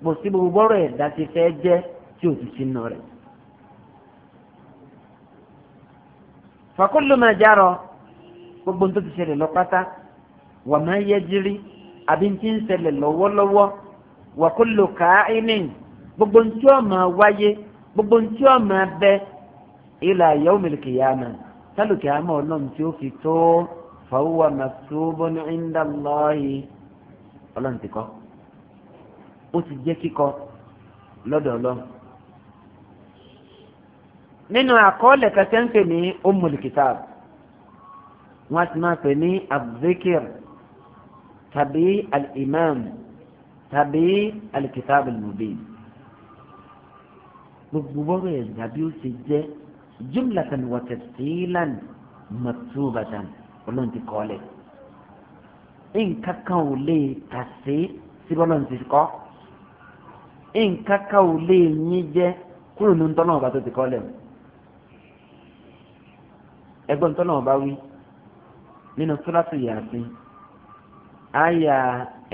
S1: kò sí gbogbo bọ́ọ̀rọ̀ ìdá ti fẹ́ jẹ́ tí ò ti sínú rẹ̀ fàkúlù máa járọ gbogbo tó ti ṣẹlẹ̀ lọ pátá wà máa yẹ jírí àbí tí ń ṣẹlẹ̀ lọ́wọ́lọ́wọ́ wà kúlù káàínì gbogbo tí ó máa wáyé gbogbo tí ó máa bẹ ilà yawmil kìyàmà sálùkì àmọ́ ọlọ́run tí ó fi tó fàwọ́ maktubun inda Allahi ọlọ́run ti kọ́ ó ti jẹ́ kíkọ lọ́dọ̀ ọlọ́run nínú àkọọ́lẹ̀ kẹsẹ̀ ń pè ní Ummul Kitab wọ́n ti máa pè ní abdikir tàbí al-imam tàbí al-kitab al-mubin gbogbo bọ́rọ̀ ẹ̀ dàbí ó ṣe jẹ́ jumlatan wa tafsilan maktubatan olóhùn ti kọ́lẹ̀ nǹkan kan ò lè kà sí síbi kọ́ nǹkan kan ò lè yín jẹ́ kúrò ní ntọ́nà ọba tó ti kọ́lẹ̀ o ẹgbọ́n tó náà bá wí nínú sùràtù Yásìn àyà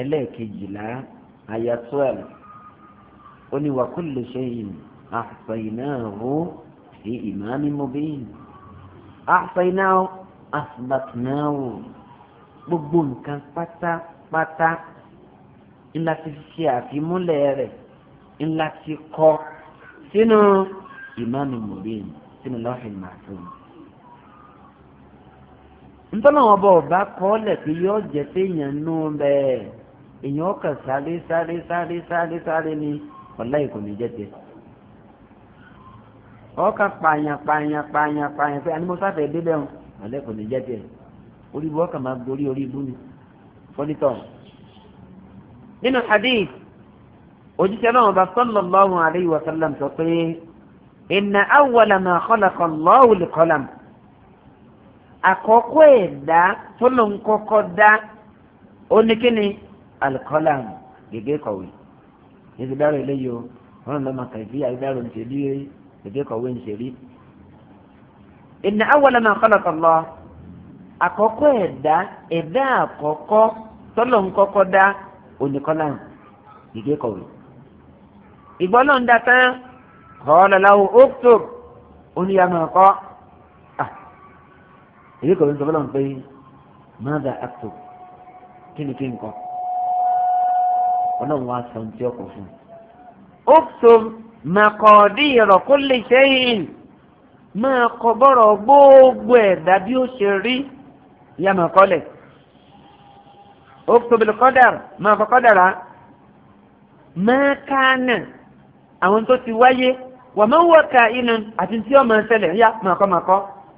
S1: ẹlẹ́ẹ̀kejìlá àyà twelve ó ní wa kullu shay'in ahsaynahu fi imamin mubin ahsaynahu asbatnahu gbogbo nǹkan pátápátá ńlá ti ṣe àfimúlẹ̀ rẹ̀ ńlá ti kọ́ sínú imamin mubin sínú lawhil mahfuz ntọ́lọ́wọ́n bọ̀ bá kọ́ọ́lẹ̀ pé yóò jẹ́ pé èèyàn nú bẹ́ẹ̀ èèyàn kà sáré sáré sáré sáré sáré ni ọ̀la ìkò ní jẹ́ tẹ. ọkà pààyàn pààyàn pààyàn pààyàn pé àní mo sáfẹ́ débẹ̀ wọn ọ̀la ìkò ní jẹ́ tẹ. orí bu ọkà máa gorí orí ibú ni fọ́nítọ̀. nínú hadith òjíṣẹ́ náà bá sallallahu alayhi wa sallam sọ pé inna awwala ma khalaqa Allahu al àkọ́kọ́ ẹ̀dá tọ́lọ́nkọ́kọ́ dá ó ní kíni alikọ́làmù gègé kọ̀wé èsì dárò eléyìí o wọn lọ́ọ́ máa kàìfì àdárò ń ṣèlú gègé kọ̀wé ń ṣèlú. inna awwala ma khalaqa àkọ́kọ́ ẹ̀dá ẹ̀dá àkọ́kọ́ tọ́lọ́nkọ́kọ́ dá oníkọ́làmù gègé kọ̀wé. ìgbọ́lọ́ ń da tán kọ́ ọ́ lọ́la ó tó oníyàmọ̀ kọ́ èyí kò ní sọ fọlọ́n pé mother acto kí ni kí n kọ ọlọ́run wá sọ ní tí ọkọ̀ fún un. uktub maqadira kulli shay'in máa kọ bọ́rọ̀ gbogbo ẹ̀dá bí ó ṣe rí ya máa kọ́lẹ̀. uktub bil qadar máa kọ kọ́dàrà máa kánà àwọn tó ti wáyé wàmọ́wọ́ ka inú àti tí ó máa ṣẹlẹ̀ ya máa kọ́ máa kọ́.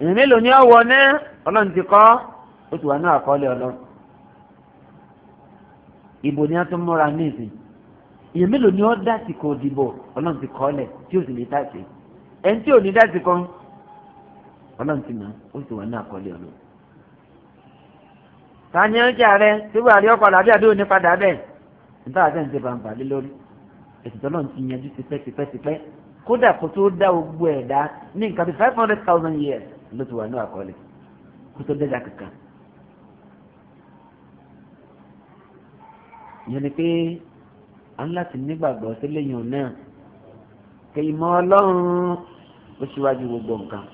S1: èyàn mélòó ni ọwọ́ náà ọlọ́run ti kọ́ ó ti wà ní àkọọ́lẹ̀ ọlọ́run ìbò ni a tún múra ní ìsìn èyàn mélòó ni ó dásìkò òdìbò ọlọ́run ti kọ́ ọ́lẹ̀ tí ó sì lè tàṣe ẹni tí ò ní dásìkò ọlọ́run ti mọ̀ ó ti wà ní àkọọ́lẹ̀ ọlọ́run tani ọjà rẹ sígbà rí ọkọ làbí àbí òní padà bẹ́ẹ̀ nígbà tí a ń ṣe bàǹbà lé lórí ètùtù ọlọ́run ti yanjú tipẹ́tipẹ́tipẹ́ kódà kó tó dá gbogbo ẹ̀dá ní nǹkan bíi five hundred thousand years ló ti wà ní àkọọ́lẹ̀ kó tó dẹ́jà kankan. ìyẹn ni pé a ń láti nígbàgbọ́ sílé yàn náà kí ìmọ̀ ọlọ́run ó ṣíwájú gbogbo nǹkan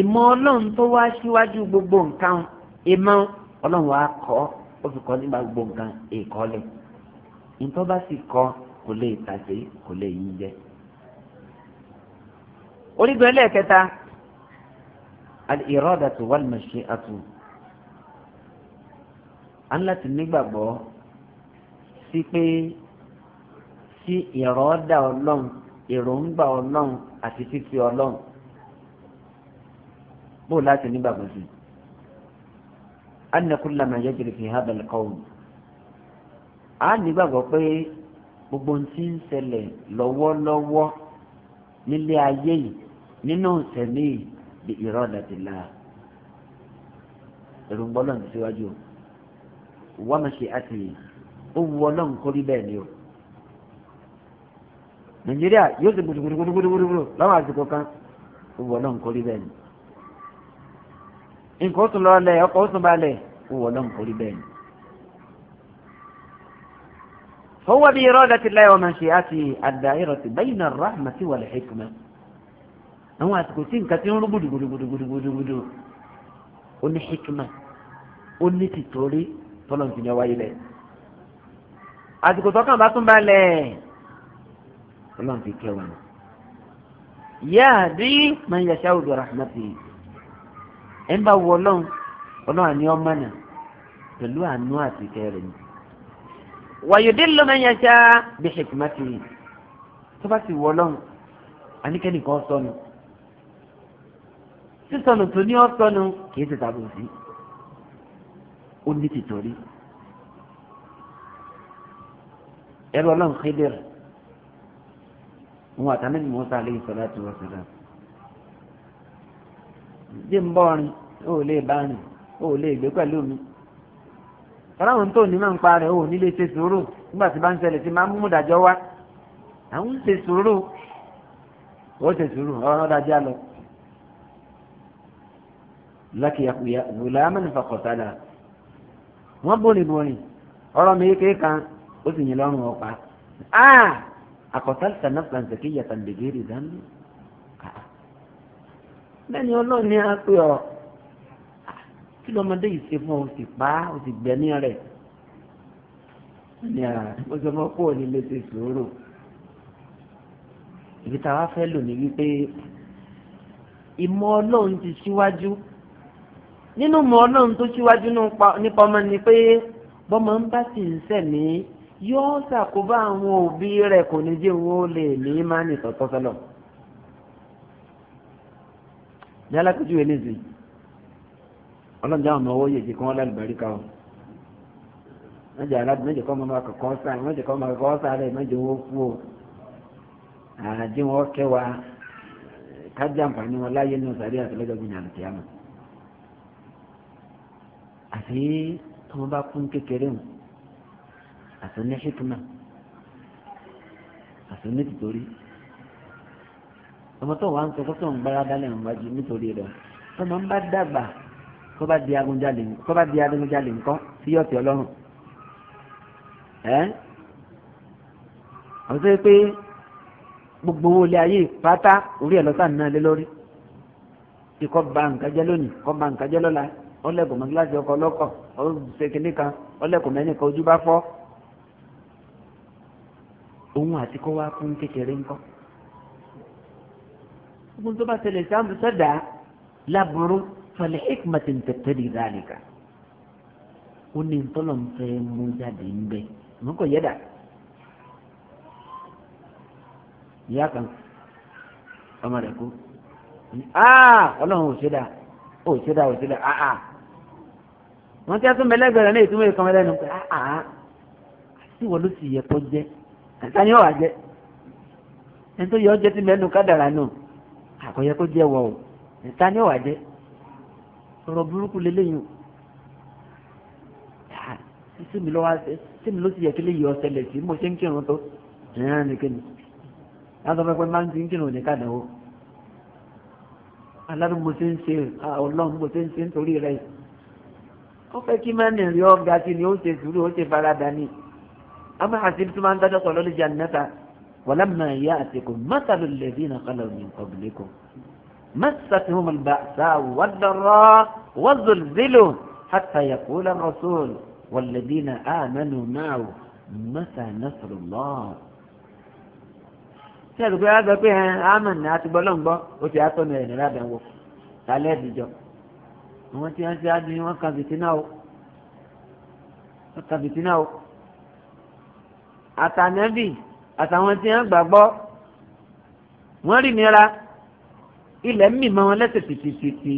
S1: ìmọ̀ ọlọ́run tó wá ṣíwájú gbogbo nǹkan ìmọ̀ ọlọ́run wa kọ́ ó fi kọ́ nígbà gbogbo nǹkan ìkọ́lẹ̀ nǹkan bá sì kọ́ kò lè tàṣe kò lè yí jẹ. orígun ẹlẹ́ẹ̀kẹta الإرادة والمشيئة wal-mashi'atu a ń láti nígbàgbọ́ sí pé sí ìrọ́dà ọlọ́run èròǹgbà ọlọ́run àti fífi ọlọ́run bó láti nígbàgbọ́ sí anna kulla ma yajri fi hadha al-qawl a nígbàgbọ́ pé gbogbo ń ti ń ṣẹlẹ̀ lọ́wọ́lọ́wọ́ nílé ayé yìí nínú ìṣẹ̀lẹ̀ yìí bí irọ́ dàtí la ẹ̀rù ń bọ́lọ̀ síwájú wọ́n mọ̀ ṣe àti ó wu ọlọ́run kórí bẹ́ẹ̀ ni o nàìjíríà yóò ṣe gbùdùgbùdùgbùdùgbùdùgbùdù láwọn àsìkò kan ó wu ọlọ́run kórí bẹ́ẹ̀ ni nǹkan oṣù lọ́ọ̀lẹ̀ ọkọ̀ oṣù balẹ̀ ó ọlọ́run kórí bẹ́ẹ̀ ni. فهو بإرادة الله ومشيئته الدائرة بين الرحمة والحكمة àwọn àsìkò tí nǹkan ti ń rú gbùdùgbùdùgbùdùgbùdùgbùdù ó ní hikima ó ní tìtorí tọ́lọ̀ ti yan wáyé lẹ̀ àsìkò tọ́kàn bá tún balẹ̀ tọ́lọ̀ ti kẹwàá nù yáàdí máa ń yàṣà òdò rahmati ẹ̀ ń bá wọ ọlọ́run ọlọ́run àní ọmọ náà pẹ̀lú àánú àti kẹrin ni wàyòdì lọ́mọ̀nyàṣà bí hikmati tó bá ti wọ ọlọ́run àníkẹ́nìkan sọnù sísọnù tó ní ọ̀sọ́nù kì í ṣe tàbí òsì ó ní tìtorí ẹrú ọlọ́run Khidir wọn àtàlẹ́bí Musa alayhi salatu wa salam bí n bọ́ ọrin ó lè bá rìn ó lè gbé pẹ̀lú mi fọláwọn tó ní máa ń pa ó nílé ṣe sùúrù nígbà tí bá ń ṣẹlẹ̀ sí máa ń mú ìdájọ́ wá àwọn ń ṣe sùúrù ó ṣe sùúrù ọ̀rọ̀ dájá lọ lákìyà gùlámàn fàkọ̀tàlà wọ́n bóni bóni ọ̀rọ̀ mi kéé kan ó sì yìn lọ́rùn ọ̀pá àkọ̀tàlì sanafran zakiya tàǹdẹ̀gẹ́rì dání lẹ́ni ọlọ́run ni a pè ọ́ kí lọ́mọdé yìí ṣe fún ọ sì pa ó sì gbẹ̀mí rẹ̀ ní ara ó sọ fún ọkọ òní lè ṣe sòrò ibi táwa fẹ́ lò ní wípé ìmọ̀ ọlọ́run ti síwájú. Si nínú mọ ọlọ́run tó ṣíwájú nípa ọmọ ni pé bọ́mọ ń bá sì ń sẹ̀mí yóò ṣàkóbá àwọn òbí rẹ̀ kò ní jẹ́ wọn ó lè ní máa ní tọ̀tọ̀ fẹ́lọ̀. ní alákòjú yẹn nìyí ọlọ́run jáwọn ọmọ owó yèjì kí wọ́n lálùbáríkà o mẹjọ aládùn mẹjọ kọ́ ọmọ máa kọ̀kọ́ sáà mẹjọ kọ́ ọmọ máa kọ̀kọ́ sáà rẹ̀ owó kú o àdínwó kẹwàá kájà nǹkan ni wọn láyé ní ọ̀sàrí àtìlẹ́jọ́ gbìyànjú àlùkìyàmù àti tí wọ́n bá kún kékeré mu àti ní ṣíkìmà àti ní tìtorí ọmọ tó wà ń sọ kótó ń gbára dálẹ̀ ń wájú nítorí rẹ̀ tọmọ ń bá dàgbà kó bá di agunjalè ńkọ́ sí ọ̀tí ọlọ́run ẹ́ ọ̀sẹ̀ pé gbogbo owó ilé ayé pátá orí ẹ̀ lọ́sàn-án náà lé lórí ikọ́ ba nǹkan jẹ́ lónìí kọ́ ba nǹkan jẹ́ lọ́la ọlẹ́kùn mọ́ gíláàsì ọkọ̀ ọlọ́kọ̀ ọ̀ṣẹ̀kìnní kan ọlẹ́kùn mẹ́ni kan ojú bá fọ́ òun àti kó wá fún kékeré ńkọ́. gbogbo tó bá tẹ̀lé sáàmù sọ́dà láburú fẹlẹ̀ ẹ̀kùmọ̀tì ntẹ̀tẹ̀lì dáàlìkà ó ní ntọ́lọ̀ ń fẹ́ mú jáde ń bẹ́ mọ́ kò yẹ dà. ìyá kan ọmọ rẹ̀ kú ọlọ́run ò ṣe dà ò ṣe dà ò ṣe dà áà wọn tí a tún mẹlẹgbẹrẹ náà ìtumọ̀ ìkan mẹlẹ́nu pé àá ah, ah, ah. àti ìwọ ló sì yẹ kó jẹ àtà ni ó wà jẹ ẹni tó yẹ ọ jẹ ti mẹnu kádàrà nù àkọyẹ kó jẹ wọ o àtà ni ó wà jẹ ọ̀rọ̀ burúkú lélẹ́yìn o sími lọ́wọ́ àṣẹ sími ló sì yẹ kí lè yọ ọ̀sẹ̀lẹ̀ sí mo ṣe ń kírun tó ẹ̀hán nìkan ni láti ọ̀fẹ́ pé máa ń ti ń kírun ní kádàwó alárùn mo ṣe ń ṣe ọlọ́run mo ṣe ń ṣe nítorí rẹ̀ yìí ó fẹ́ kí má nì rí ọ̀gá sí ni ó ṣe sùúrù ó ṣe farada ni àmọ́ àti tó máa ń dájọ́ sọ lọ́lẹ́jà nẹ́ta wàlá máa yá àtẹkù mẹ́tàlú lẹ́bí iná kọ́lá òní ọ̀bìlẹ́kọ̀ mẹ́tàtì wọn bá sá wàdọ̀rọ̀ wàzọ̀lẹ́lò hàtà yàkúlá rọ̀sọ́ọ̀lù wàlẹ́bí iná àmẹ́nu náà mẹ́tà nẹ́sọ̀rọ̀ lọ́ọ̀. sẹ́ẹ̀dùkú yàrá gbọ́ pé àmọ̀ ní àtibọ́lọ́ àwọn tí wọ́n ti ádùn yìí wọ́n ka fìtínà o wọ́n ka fìtínà o àtànẹ́bì àtàwọn tí wọ́n gbàgbọ́ wọ́n rí nira ilẹ̀ ń mìmọ́ wọn lẹ́sẹ̀ pìtìpìtì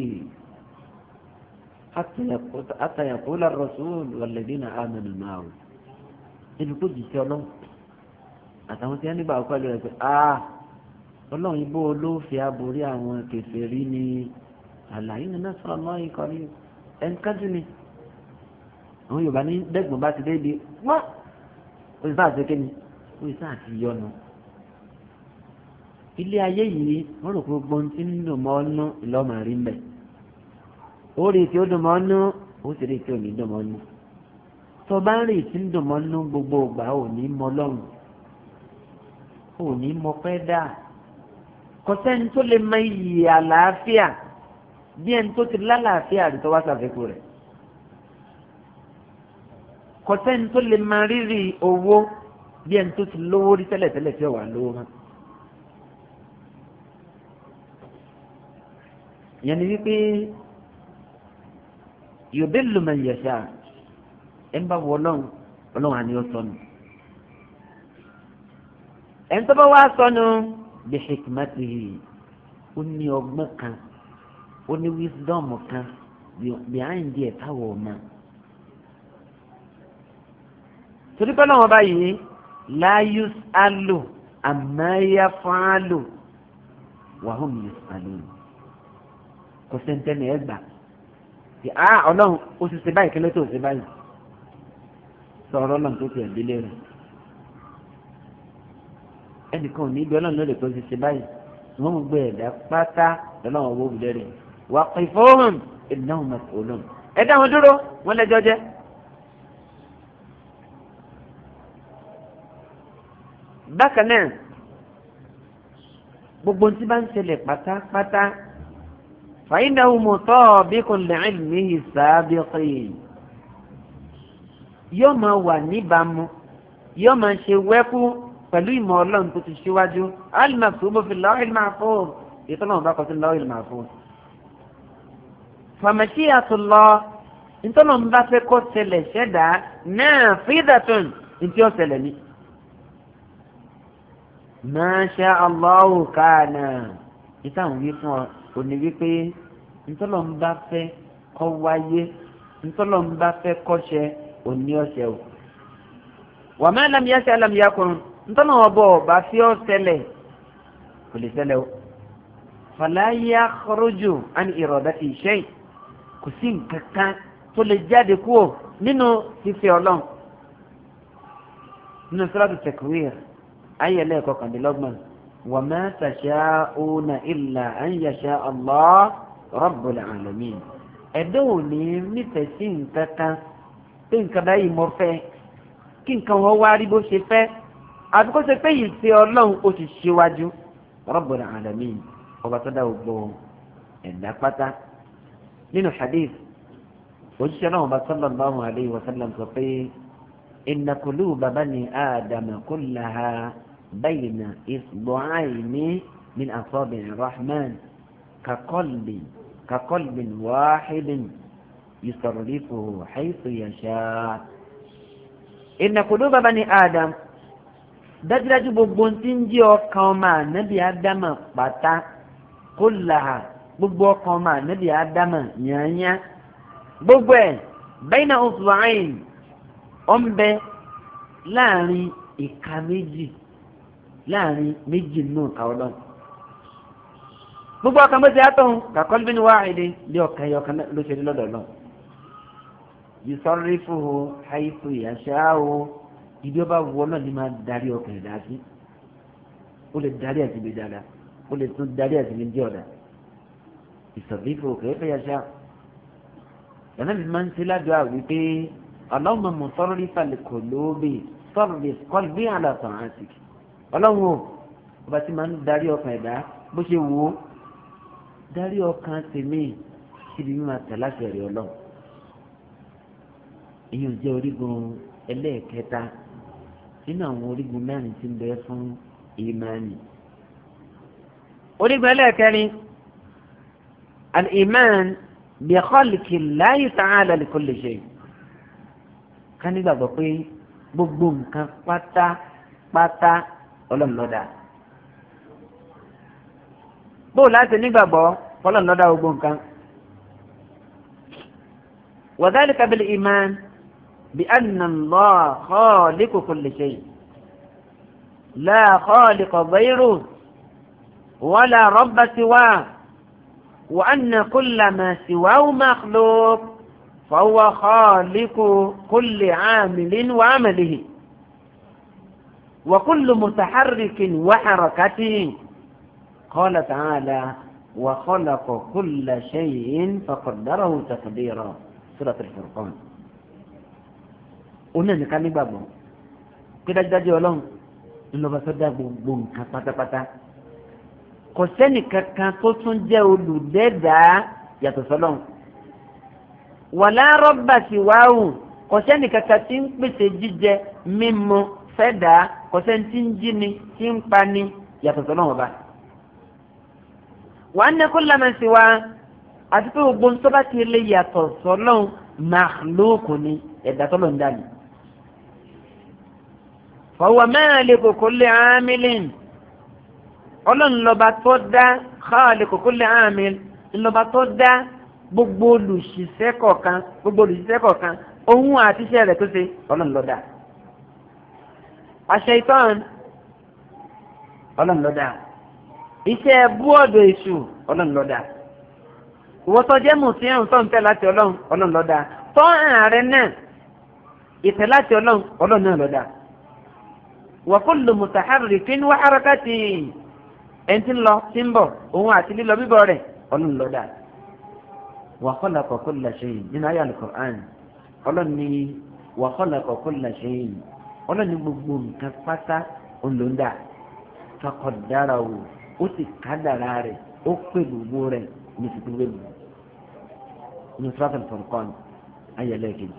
S1: àtàyàkúlà rọ̀ṣùn wàlẹ́dínà àmàlù máa o ẹni tó jìṣẹ́ ọlọ́run àtàwọn tí wọ́n nígbà wọ́n pẹ̀lú ẹ̀ pé ah ọlọ́run ibò olóòfin aborí àwọn kèfèrí ni àlàyé nasra Allahi qarib ẹnkájú ni àwọn yorùbá ní dẹ́gbọ̀n bá ti débi wọ́n òṣìṣẹ́ àtẹ́kẹ́ ni òṣìṣẹ́ àti yọnu ilé ayé yìí wọ́n rò pé gbọ́n tí ń dùn mọ́ ọ́nú ìlọ́mọ rí mbẹ́ ó rí tí ó dùn mọ́ ọ́nú ó sì rí tí ò ní dùn mọ́ ọ́nú tó bá ń rí tí ń dùn mọ́ ọ́nú gbogbo ìgbà ò ní mọ lọ́rùn ò ní mọ pẹ́ dáa kọ́sẹ́ni tó lè mọ iyì àlàáfíà bí ẹni tó ti lálàáfíà àdìtọ́ wá sàfẹ́kù rẹ̀ kọ́sẹ́ni tó lè máa rírì owó bí ẹni tó ti lówó rí tẹ́lẹ̀tẹ́lẹ̀ tí ó wà lówó mọ́. ìyẹn ni wípé yòbí lùmọ̀ yẹ̀ṣà ẹ̀ ń bá wọ ọlọ́run ọlọ́run àni ó sọnù ẹ̀ ń tọ́ bá wá sọnù bí hikmatihi ó ní ọgbọ́n kan ó ní wisdom kan behind ẹ̀ táwọn ọmọ. torí pé lọ́wọ́ báyìí láyùs alo àmáyá fáálò wàhùn yùs alo kò sẹ́ńtẹ́nì ẹ̀ gbà tí a ọlọ́run ó ti ṣe báyìí kílẹ̀ tó ṣe báyìí sọ ọ̀rọ̀ ọlọ́run tó ti ẹ̀dílé rẹ̀ ẹnìkan ò ní ibi ọlọ́run lóde tó ti ṣe báyìí wọ́n mú gbé ẹ̀dá pátá lọ́lọ́run owó òbí lẹ́rìí waqifuhum innahum mas'ulun ẹ dá ولا dúró wọn lẹ́jọ́ jẹ́. bákan náà gbogbo tí bá ń ṣẹlẹ̀ pátápátá fàyíndáwó mo tọ́ ọ bí kò lẹ́yìn mi ìsáábí kìí yóò máa wà níbàámu yóò máa ṣe wẹ́kú pẹ̀lú ìmọ̀ ọlọ́run tó ti ṣíwájú alimafo mo fi lọ́ọ́ ilmafo ìtọ́nà ọba kọ́ sí lọ́ọ́ ilmafo fàmẹ́sí àtúlọ ntọ́nà ń bá fẹ́ kó ṣẹlẹ̀ ṣẹ̀dá náà fídàtún ntí ó ṣẹlẹ̀ ní. Masha Allahu kana ìtàn wí fún ọ òní wípé ntọ́nà ń bá fẹ́ kó wáyé ntọ́nà ń bá fẹ́ kó ṣẹ òní ọ̀ṣẹ́ o. wa ma lam yasha lam yakun ntọ́nà ọbọ̀ bá fi ọ́ ṣẹlẹ̀ kò lè ṣẹlẹ̀ o. fala yakhruju an iradati shay' kò sí nǹkan kan tó lè jáde kúrò nínú fífi ọlọ́run nínú sọ́láàtù tẹ̀kùwìr ayẹlẹ́ ẹ̀kọ́kàndínlọ́gbọ̀n wa ma tasha'una illa an yasha Allah rabbul alamin ẹ̀dọ́ ò ní nífẹ̀ẹ́ sí nǹkan kan pé nǹkan báyìí mo fẹ́ kí nǹkan wọn wá rí bó ṣe fẹ́ àbí ṣe pé yìí ṣe ọlọ́run ó ti ṣíwájú rabbul alamin ọba tó dá gbogbo ẹ̀dá pátá nínú hadith òjíṣẹ́ náà bá sallallahu alayhi wa sallam sọ pé inna quluba bani adama kullaha bayna isbu'ayni min asabi' rahman kakolbi kakolbi wahidin yusarrifuhu haythu yasha. inna quluba bani adam dájúdájú gbogbo ti ń jẹ́ ọkàn ọmọ ànábì ádámà pátá kullaha gbogbo ọkàn ọmọ ànábì ádámà yànyà gbogbo ẹ̀ bẹ́ẹ̀nà ọ̀sùnwáìn ọ̀nbẹ láàrin ìka méjì láàrin méjì nù káwọ́dọ̀ gbogbo ọkàn méjì àtọ̀hún kàkọ́lù bí ni wàá ẹ̀dẹ̀ bí ọkàn yọ ọkàn ló ṣe lọ́dọ̀ lọ. bisọ́rí fún o àìsù ìyàṣá ọba wọ náà ni máa darí ọkàn ìdásí ó lè darí àti ibi ó lè tún darí àti ibi يستضيفه كيف يشاء النبي من سلا دعاء ويقول اللهم مصرف القلوب صرف قلبي على طاعتك ọlọ́run ọba tí máa ń darí ọkàn ẹ̀dá bó ṣe wù ú darí ọkàn tèmi síbi mímọ tẹ̀láṣẹ rẹ̀ ọlọ́run èyí ò jẹ́ orígun ẹlẹ́ẹ̀kẹta nínú àwọn orígun mẹ́rin tí ń bẹ fún ìmánì. orígun ẹlẹ́ẹ̀kẹrin al-iman bi khalqi Allahi ta'ala li kulli shay ká nígbàgbọ́ pé gbogbo nǹkan pátápátá ọlọ́run ló dá bó láti nígbàgbọ́ ọlọ́run ló dá gbogbo nǹkan wa dhalika bil-iman bi anna Allaha khaliqu kulli shay la khaliqa ghayruhu wala rabba siwahu. وأن كل ما سواه مخلوق فهو خالق كل عامل وعمله وكل متحرك وحركته قال تعالى وخلق كل شيء فقدره تقديرا سورة الفرقان òun náà بابا كده جدا dájúdájú إنه ńlọba بوم بوم nǹkan pátápátá kò sẹ́ni kankan tó tún jẹ́ olùdẹ́dàá yàtọ̀ sọ́lọ́hun wàlá rọ́bà sì wáhùn kò sẹ́ni kankan tí ń pèsè jíjẹ mímu fẹ́dà kò sẹ́ni tí ń jíni tí ń pani yàtọ̀ sọ́lọ́hun ọba. wàá nẹ́kọ́ lámẹ́sì wa àti pé gbogbo ń tọ́ba ti lè yàtọ̀ sọ́lọ́hun màlúùkù ni ẹ̀dá sọ́lọ́hun dání. fọwọ́ mẹ́rin lè kò kó ámílíǹ ọlọ́run lọ́ba tó dá khaliqu kulli amil ńlọ́ba tó dá gbogbo olùṣiṣẹ́ kọ̀ọ̀kan gbogbo olùṣiṣẹ́ kọ̀ọ̀kan òun àti iṣẹ́ rẹ̀ tó ṣe ọlọ́run ló dá àṣẹ ìtọ́n ọlọ́run ló dá iṣẹ́ búọ̀dọ̀ èṣù ọlọ́run ló mùsùlùmí tó ń láti ọlọ́run ọlọ́run ló dá náà ìtẹ̀ láti ọlọ́run ọlọ́run náà ló dá wa kullu ẹni tí ń lọ tí ń bọ̀ òun àti lílọ bíbọ̀ rẹ̀ ọlọ́run ló dá wa khalaqa kulla shay nínú ayé al-Qur'an ọlọ́run ní wa khalaqa kulla shay ọlọ́run ní gbogbo nǹkan pátá òun ló ń o ó sì kádàrá rẹ̀ ó pè gbogbo rẹ̀ ní ti gbogbo ní Suratul Furqan ayẹlẹ́gẹ̀ẹ́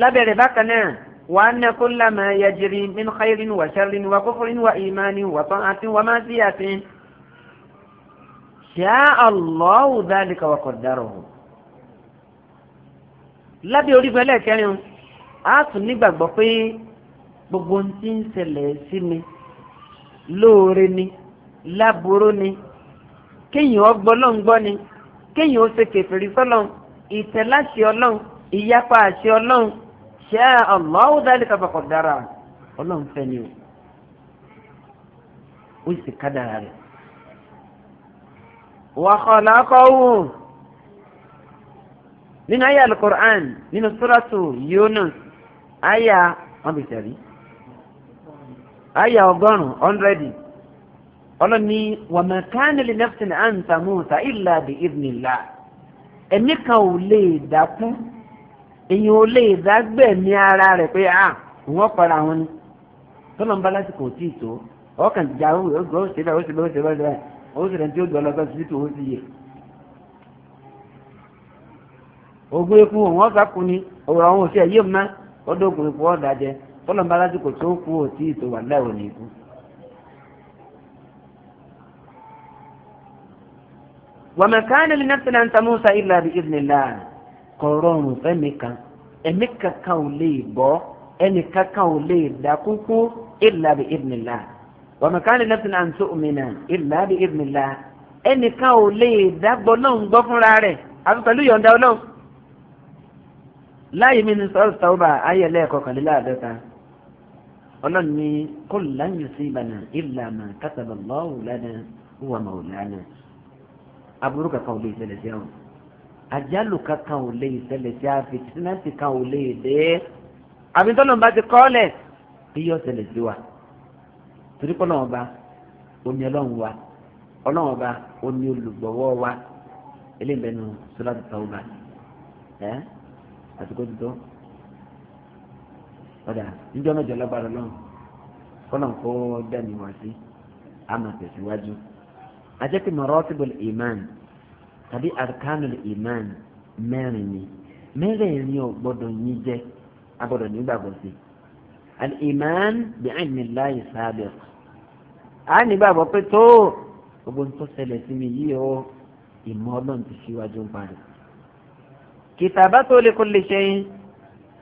S1: lábẹ́rẹ̀ bákan náà. وأن كل ما يجري من خير وشر وكفر وإيمان وطاعة ومعصية شاء الله ذلك وقدره lábẹ́ orí fẹlẹ́ kẹrin a tún nígbàgbọ́ pé gbogbo ohun tí ń ṣẹlẹ̀ sí mi lóore ni láburú ni kéèyàn ọgbọ́ lọ́n gbọ́ ni kéèyàn ó ṣe kẹfìrí sọ́lọ́n ìtẹ̀láṣẹ ọlọ́run ìyapa àṣẹ ọlọ́run ṣẹ́ Allahu dhalika faqaddara ọlọ́run fẹ́ ni o ó sì kádàrà rẹ̀. wa khalaqahu nínú ayé alukur'an nínú suratu Yunus ayé wọn bìtẹ̀ rí ayé ọgọ́rùn-ún ọ̀ndrẹ́dì ọlọ́ni wàmẹ̀ kánìlì nafsin àǹtàmùtà ìlà bi idhnillah ẹ̀mí kan ò lè dákú. èyàn ò lè dágbẹ̀ ní ara rẹ̀ pé à ah, wọ́n para wọn ni tọ́lọ̀ ń bá lásìkò tí ì tó ọkàn ó gbọ́ ṣe ó ṣe ó ṣe ó ṣe tí ó dùn sí tòun yẹ. kú ni òwúrọ̀ òun ò ṣe ẹ̀yẹ́ mọ́ ọdún bá tó kú ò tí ì tó wà láì òní ikú. kọrọrùn fẹ́nìkan ẹ̀mí kankan ò lè bọ́ ẹnì kankan ò lè dá kúkú illa bi idhnillah wa ma kana nafsin an tu'mina illa bi idhnillah ẹnì kan ò lè dá gbọ́ náà ń gbọ́ fúnra rẹ̀ àfi pẹ̀lú yọ̀ǹda ọlọ́run. láàyè mi ní sọ́ọ́sì tàwọ́bà ayẹlẹ́ ẹ̀kọ́kànléláàdọ́ta ọlọ́run ní kul lan yusibana illa ma kataba Allahu lana huwa mawlana aburú kankan ò lè ṣẹlẹ̀ sí àwọn àjálù kankan ò lè ṣẹlẹ̀ sí àfitínàtì kan ò lè dé àbíntọ́nà bá ti kọ́lẹ̀ kí yóò ṣẹlẹ̀ sí wa torí pé ọlọ́wọ́n ba oní ọlọ́run wa ọlọ́wọ́n ba oní olùgbọ̀wọ́ wa eléyìí bẹ́ẹ̀ nu sọlá ti tọ́ ọba ẹ́ àtúkò ti tọ́ ọ̀dà níjọ́ mẹ́jọ lọ́gbàrọ̀ lọ́run kọ́nà kó dání wá sí àmọ̀ tẹ̀síwájú ajẹ́pẹ́ mọ̀rọ́ ti bọ̀ ìmáàmù tàbí arkanul iman mẹ́rin ni mẹ́rẹ̀ẹ̀rin ò gbọ́dọ̀ yín jẹ́ agbọ́dọ̀ nígbàgbọ́ sí i al-iman bi ilmillahi sabiq a nígbàgbọ́ pé tó gbogbo ń tó ṣẹlẹ̀ sí mi yìí o ìmọ̀ ọlọ́run ti ṣíwájú ń parí. kitabatu li kulli shay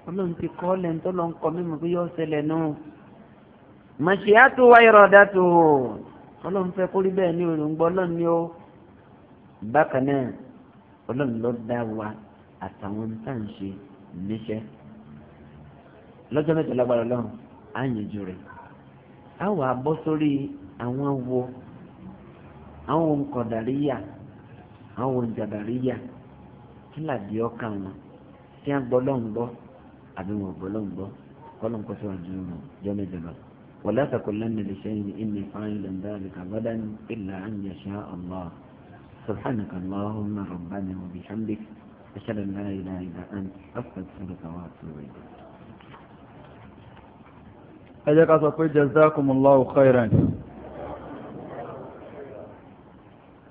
S1: ọlọ́run ti kọ́ lẹ́nu tó lọ ń kọ́ mímu pé yóò ṣẹlẹ̀ nù. mashiatu wa iradatu ọlọ́run fẹ́ kórìí bẹ́ẹ̀ ni òrùngbọ́ ọlọ́run ni ó bákan náà ọlọ́run ló dá wa àtàwọn tá à ń ṣe níṣẹ́ lọ́jọ́ mẹ́ta lágbára ọlọ́run á yànjú rẹ̀ á wà bọ́ sórí àwọn wo àwọn nkọ̀dàríyà àwọn njàdàríyà kí làdí ọkàn wọn tí a gbọ́ lọ́n gbọ́ àbí wọn gbọ́ lọ́n gbọ́ kọ́lọ́n kọ́ sọ́wọ́n ju wọn jọ́mẹ́jọ lọ. wala taqulanna li shay'in inni fa'ilun dhalika ghadan illa an yasha Allah. سبحانك اللهم ربنا وبحمدك أشهد أن لا إله إلا أنت أستغفرك وأتوب إليك
S2: ẹ jẹ́ ká sọ pé jazakumullahu khairan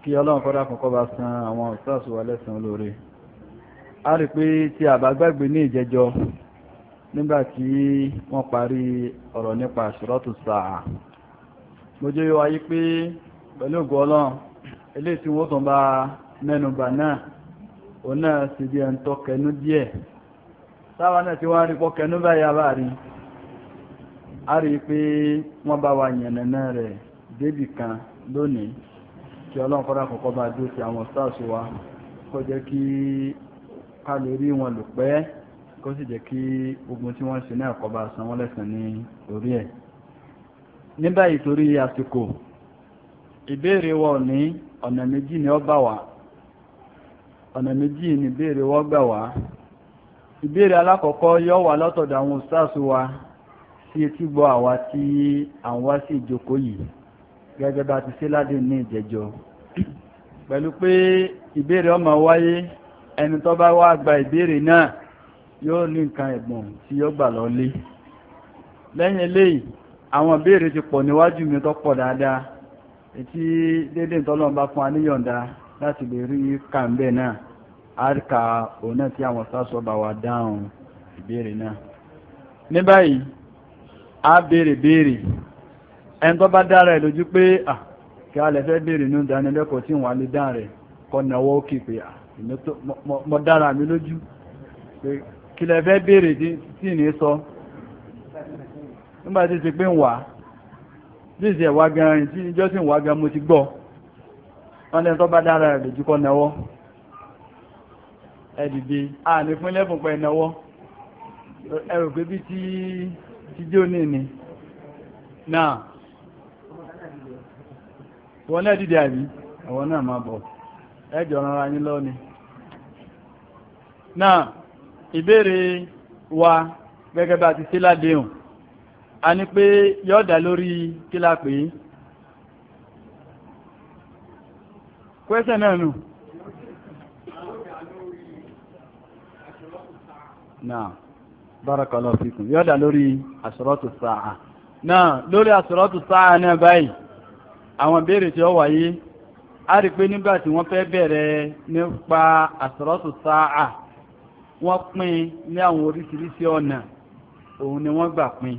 S2: kí ọlọ́run kọ́dá kan kọ́ bá san àwọn ọ̀sáàsù wa lẹ́sàn olóore a rí pé tí a bá gbàgbé ní ìjẹjọ nígbà tí wọ́n parí ọ̀rọ̀ nípa àṣírọ́tù sáà mo jẹ́ wáyé pé pẹ̀lú ògùn ọlọ́run ilé tí wọ́n tàn bá mẹ́nubà náà òun náà sì bí ẹn tó kẹnu díẹ̀ táwa náà tí wọ́n rí pọ́ kẹnu báyà bá rí a rí pé wọ́n bá wa yànnàná rẹ̀ débì kan lónìí kí ọlọ́run kọ́dá kọ́kọ́ bá dó ti àwọn sáàsù wa kó jẹ́ kí ká lè rí wọn lò pẹ́ kó sì jẹ́ kí ogun tí wọ́n ṣe náà kọ́ bá san wọ́n lẹ́sàn ní orí ẹ̀ ní báyìí torí àsìkò ìbéèrè wa ò ní ọ̀nà méjì ni ó bá wá ọ̀nà méjì ni ìbéèrè wọ́n gbà wá ìbéèrè alákọ̀ọ́kọ́ yọ wà lọ́tọ̀dọ̀ àwọn stars wa sí etí gbọ́ àwa tí à ń wá sí ìjókòó yìí gẹ́gẹ́ bá ti ṣe ládé ní ìjẹ́jọ́ pẹ̀lú pé ìbéèrè ọmọ wáyé ẹni tó bá wá gba ìbéèrè náà yóò ní nǹkan ẹ̀gbọ̀n tí yóò gbà lọ lé lẹ́yìn eléyìí àwọn ìbéèrè ti pọ̀ níwájú mi tó pọ̀ dáadáa ti dédé ìtọ́lọ́run bá fún aníyọ̀ǹda láti lè rí kàǹbẹ̀ náà àríkà òun náà tí àwọn sásọ bá wà dáhùn ìbéèrè náà. ní báyìí a béèrè béèrè ẹni tó bá dára ẹ̀ lójú pé kí a lè fẹ́ béèrè ìdánilẹ́kọ̀ọ́ tí wọ́n á lè kí lè fẹ́ ní sọ nígbà tí ti níṣẹ́ ẹ̀wà gan rìn tí ìjọsìn wà gan mo ti gbọ́ wọ́n lẹ́nu tó bá dára rẹ̀ lójú kọ́ náwọ́ ẹ dìde a ní fún lẹ́bùn pẹ̀ náwọ́ ẹ rò pé bí tí tí jó ní ni náà wọ́n náà dìde àbí àwọn náà máa bọ̀ ẹ rọra yín lọ ni náà ìbéèrè wa gẹ́gẹ́ bá ti sí ládéhùn a ní pé yóò dá lórí kí la pè é kwẹ́sẹ̀ náà nù. náà barakallahu fikum yóò dá lórí asratu sa'a náà lórí asratu sa'a náà báyìí àwọn béèrè tí ó wáyé a rí pé nígbà tí wọ́n fẹ́ bẹ̀rẹ̀ nípa asratu sa'a wọ́n pín ní àwọn oríṣiríṣi ọ̀nà òun ni wọ́n gbà pín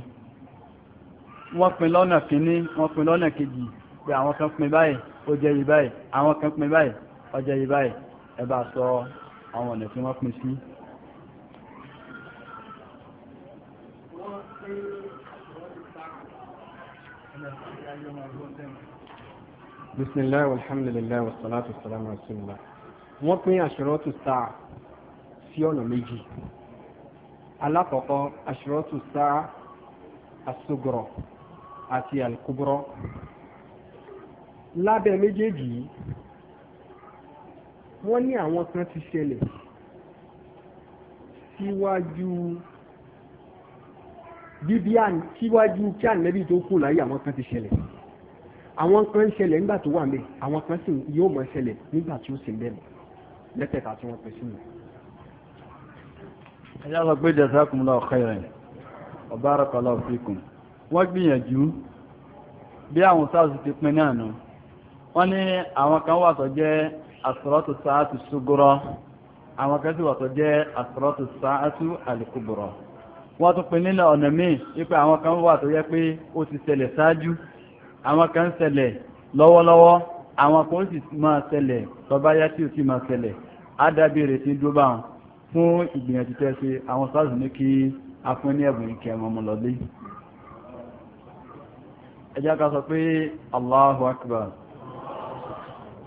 S2: wọ́n pin lọ́nà kínní wọ́n pin lọ́nà kejì pé àwọn kan pin báyìí ó jẹ́ yìí báyìí àwọn kan pin báyìí ó jẹ́ yìí báyìí ẹ bá sọ àwọn ọ̀nà tí wọ́n pin sí. bisimilayi alhamdulilayi wasalaatu wasalaamu rasulillah wọ́n pín àṣírọ́tù sáà sí ọ̀nà méjì alákọ̀ọ́kọ́ àṣírọ́tù sáà asugọ̀rọ̀ àti alkubra lábẹ́ méjèèjì yìí wọ́n ní àwọn kan ti ṣẹlẹ̀ síwájú bíbíàn síwájú kí ànẹ́bí tó kù láyé àwọn kan ti ṣẹlẹ̀ àwọn kan ń ṣẹlẹ̀ nígbà tó wà mẹ́ àwọn kan sì yóò mọ̀ ṣẹlẹ̀ nígbà tí ó sì bẹ̀rẹ̀ lẹ́tẹ̀ẹ̀ta tí wọ́n pè sí mi. ẹ̀yà lọ gbé jazakumullahu khairan wa barakallahu fikum wọ́n gbìyànjú bí àwọn sáàsì ti pin náà nù wọ́n ní àwọn kan wà tó jẹ́ àsọ̀rọ̀tò sáàtù ṣúgọ́rọ́ àwọn kan sì wà tó jẹ́ àsọ̀rọ̀tò sáàtù àlùkùbọ̀rọ̀ wọ́n tún pin nílẹ̀ ọ̀nà míì wípé àwọn kan wà tó yẹ pé ó ti ṣẹlẹ̀ ṣáájú àwọn kan ṣẹlẹ̀ lọ́wọ́lọ́wọ́ àwọn kan sì máa ṣẹlẹ̀ tọ́ba yá tí ò sì máa ṣẹlẹ̀ ádàbí ìrètí dúró fún ìgbìyànjú tẹ́ ṣe àwọn sáàsì ní kí afún ní ẹ̀bùn ìkẹ́ ọmọ ọmọ lọ́lé ẹjá ká sọ pé Allahu Akbar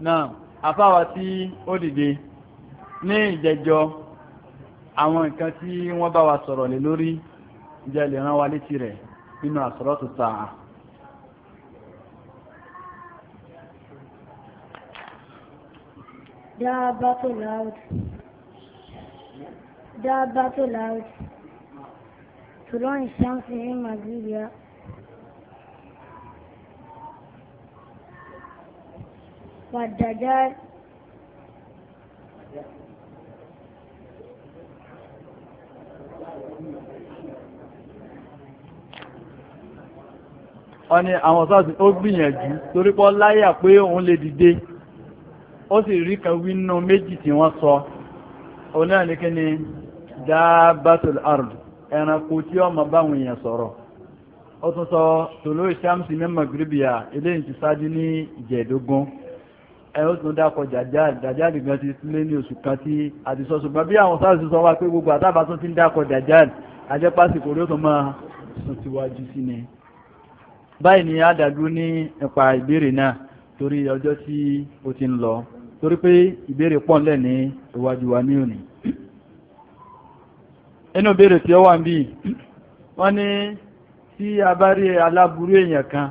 S2: náà afáwa tí ó dìde ní ìjẹjọ àwọn nǹkan tí wa sọ̀rọ̀ lé lórí jẹ́ lè rán wa létí rẹ̀ nínú àsọ̀rọ̀ tó sáà
S1: Dáàbá tó loud. Dáàbá tó loud. To والدجال
S2: wọ́n ní àwọn sọ́ọ̀sì ó gbìyànjú torí pọ́ láyà pé òun lè dìde ó sì rí kan wínú méjì tí wọ́n sọ òun náà ní kí ni dábàtòl ard ẹranko tí ọmọ báwọn èèyàn sọ̀rọ̀ ó tún sọ tòló ìṣàmùsí mẹ́mọ̀ gíríbìyà eléyìí ti ní ìjẹ̀dógún ẹ ó tún dákọ̀ jàjáàlì jàjáàlì gan ti sílé ní oṣù kan tí a ti sọ ṣùgbọ́n bí àwọn sáà ti sọ wá pé gbogbo àtàbà tún ti ń dákọ̀ jàjáàlì ajẹ́pàsìkò rí ó tún máa sùn síwájú sí ni. báyìí ni a dàdúró ní ipa ìbéèrè náà torí ọjọ́ tí ó ti ń lọ torí pé ìbéèrè pọ̀ ńlẹ̀ ní iwájú wa ní òní. inú ìbéèrè tí ó wà ń bí wọ́n ní tí a bá rí aláburú èèyàn kan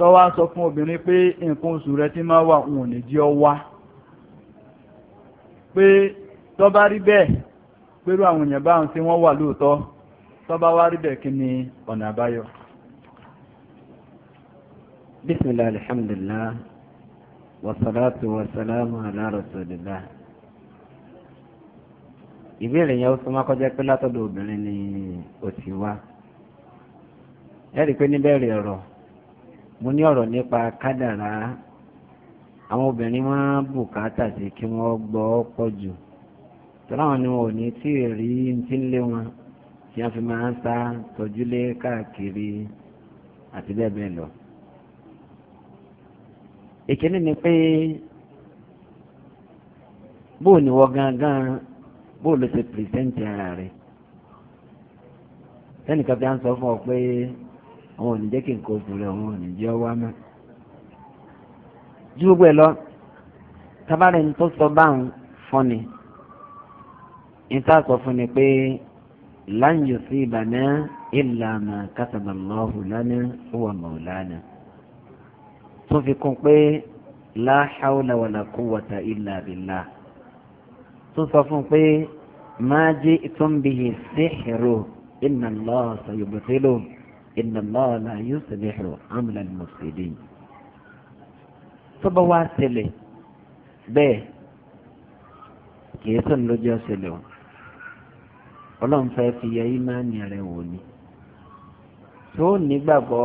S2: tó wá sọ fún obìnrin pé nǹkan oṣù rẹ ti máa wà òun ò ní jí ọ wá pé tó bá rí bẹ́ẹ̀ pẹ̀lú àwọn èèyàn báhùn tí wọ́n wà lóòótọ́ tó bá wá rí bẹ́ẹ̀ kí ni ọ̀nà àbáyọ. bismillah alhamdulillah wasalaatu wasalaamu ala rasulillah
S1: ìbéèrè yẹn ó súnmọ́ kọjá pé látọ̀dọ̀ obìnrin ni ó ti wá ẹ̀rí pé níbẹ̀rẹ̀ ọ̀rọ̀ mo ní ọ̀rọ̀ nípa kádàrá àwọn obìnrin wọn bùkátà sí kí wọ́n gbọ́ pọ̀ jù tọ́lá wọn ni wọn ò ní tí ì rí ti ń lé wọn tí wọ́n fi máa ń sá tọ́júlé káàkiri àti bẹ́ẹ̀ bẹ́ẹ̀ lọ. ìkíní ni pé bó ni wọ́n gangan bó ló ṣe pìrìsẹ́ǹtì ara rẹ̀ sẹ́nìkan fi ń sọ fún ọ pé àwọn òní jẹ́ kí nǹkan oṣù rẹ̀ àwọn òní jẹ́ wá mọ́. ju gbogbo ẹ̀ lọ tabarẹ̀ ní tó sọ báwọn fún ni níta sọ fún ni pé lan yusibana illa ma kataballahu lana huwa maulana tó fi kún pé la hawla wala quwwata illa billah tó sọ fún pé ma ji'tum bihi sihru inna Allah sayubtiluhu inna Allaha la yuslihu amala al-mufsidin tọ́ba wá ṣẹlẹ̀ bẹ́ẹ̀ kìí sọ̀rọ̀ lójú ọ̀ṣẹlẹ̀ o ọlọ́run fẹ́ fi yẹ ìmánì rẹ̀ wò ni tó nígbàgbọ́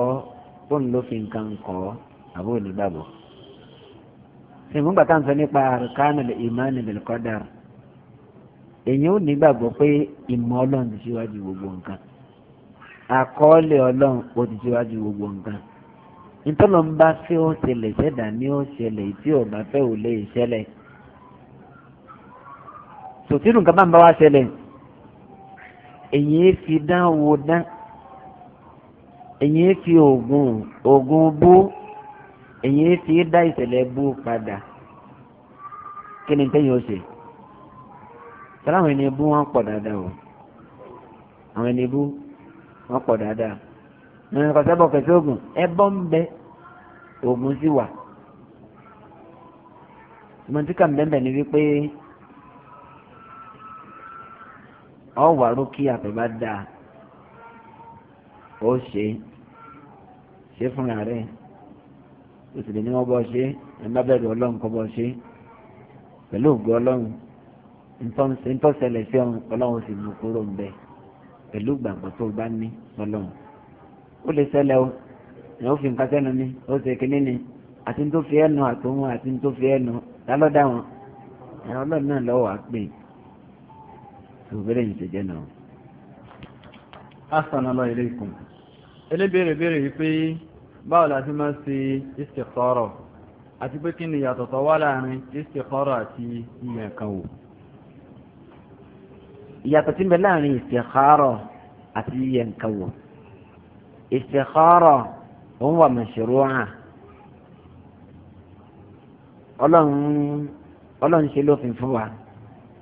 S1: ó ń lo fi nǹkan kọ́ àbó nígbàgbọ́ ìmúgbà tá à ń sọ nípa àrùkánù ìmánì bil qadar èyí ó nígbàgbọ́ pé ìmọ̀ ọlọ́run ti ṣíwájú gbogbo nǹkan àkọọ́lẹ̀ ọlọ́run ó ti ṣíwájú gbogbo nǹkan ntọ́nà ń bá fẹ́ ó ṣẹlẹ̀ ṣẹ̀dá ní ó ṣẹlẹ̀ tí ò bá fẹ́ ò lè ṣẹlẹ̀ sòtínú nǹkan bá ń bá wa ṣẹlẹ̀ èyí fi dán wo dán èyí fi oògùn oògùn bú èyí fi dá ìṣẹ̀lẹ̀ bú padà kí ni tẹ́yìn ó ṣe sọ́lá ẹni bú wọn pọ̀ dáadáa o àwọn ẹni bú wọ́n pọ̀ dáadáa ẹ̀rìn kọ̀sẹ́bọ̀ kẹsẹ́ ogun ẹbọ ń bẹ ogun sì wà mọ̀tíkà mbẹ́mbẹ́ ni wípé ọ̀wà rókì àtọ̀bá dáa ó ṣe ṣe fúnra rẹ̀ ó sì lè ní wọ́n bọ́ ṣe ẹ̀ má bẹ̀rù ọlọ́run kọ́ bọ́ ṣe pẹ̀lú ògùn ọlọ́run ntọ́sẹ̀lẹ̀ sí ọlọ́run sì mú kúrò ń bẹ́ẹ̀ pẹ̀lú gbàgbọ́ tó bá ní lọ́lọ́run ó lè ṣẹlẹ̀ o ni ó fi nǹkan sẹ́nu ni ó ṣe kínní ni àti tó fi ẹnu àtòun àti tó fi ẹnu lálọ́dà wọn ẹ̀rọ ọlọ́run náà lọ́wọ́ àpè tó bẹ̀rẹ̀ yìí ṣe jẹ́ náà.
S2: Assalamu alaykum elébèrè bèrè yìí pé báwo la ti máa ṣe istikhara àti pé kí ni ìyàtọ̀ tó wà láàrin istikhara àti ìyẹ̀kan
S1: ìyàtọ̀ tí ń bẹ láàrin istikhara àti yíyẹ nǹkan wò istikhara òun wà mashru'a ọlọ́run ṣe lófin fún wa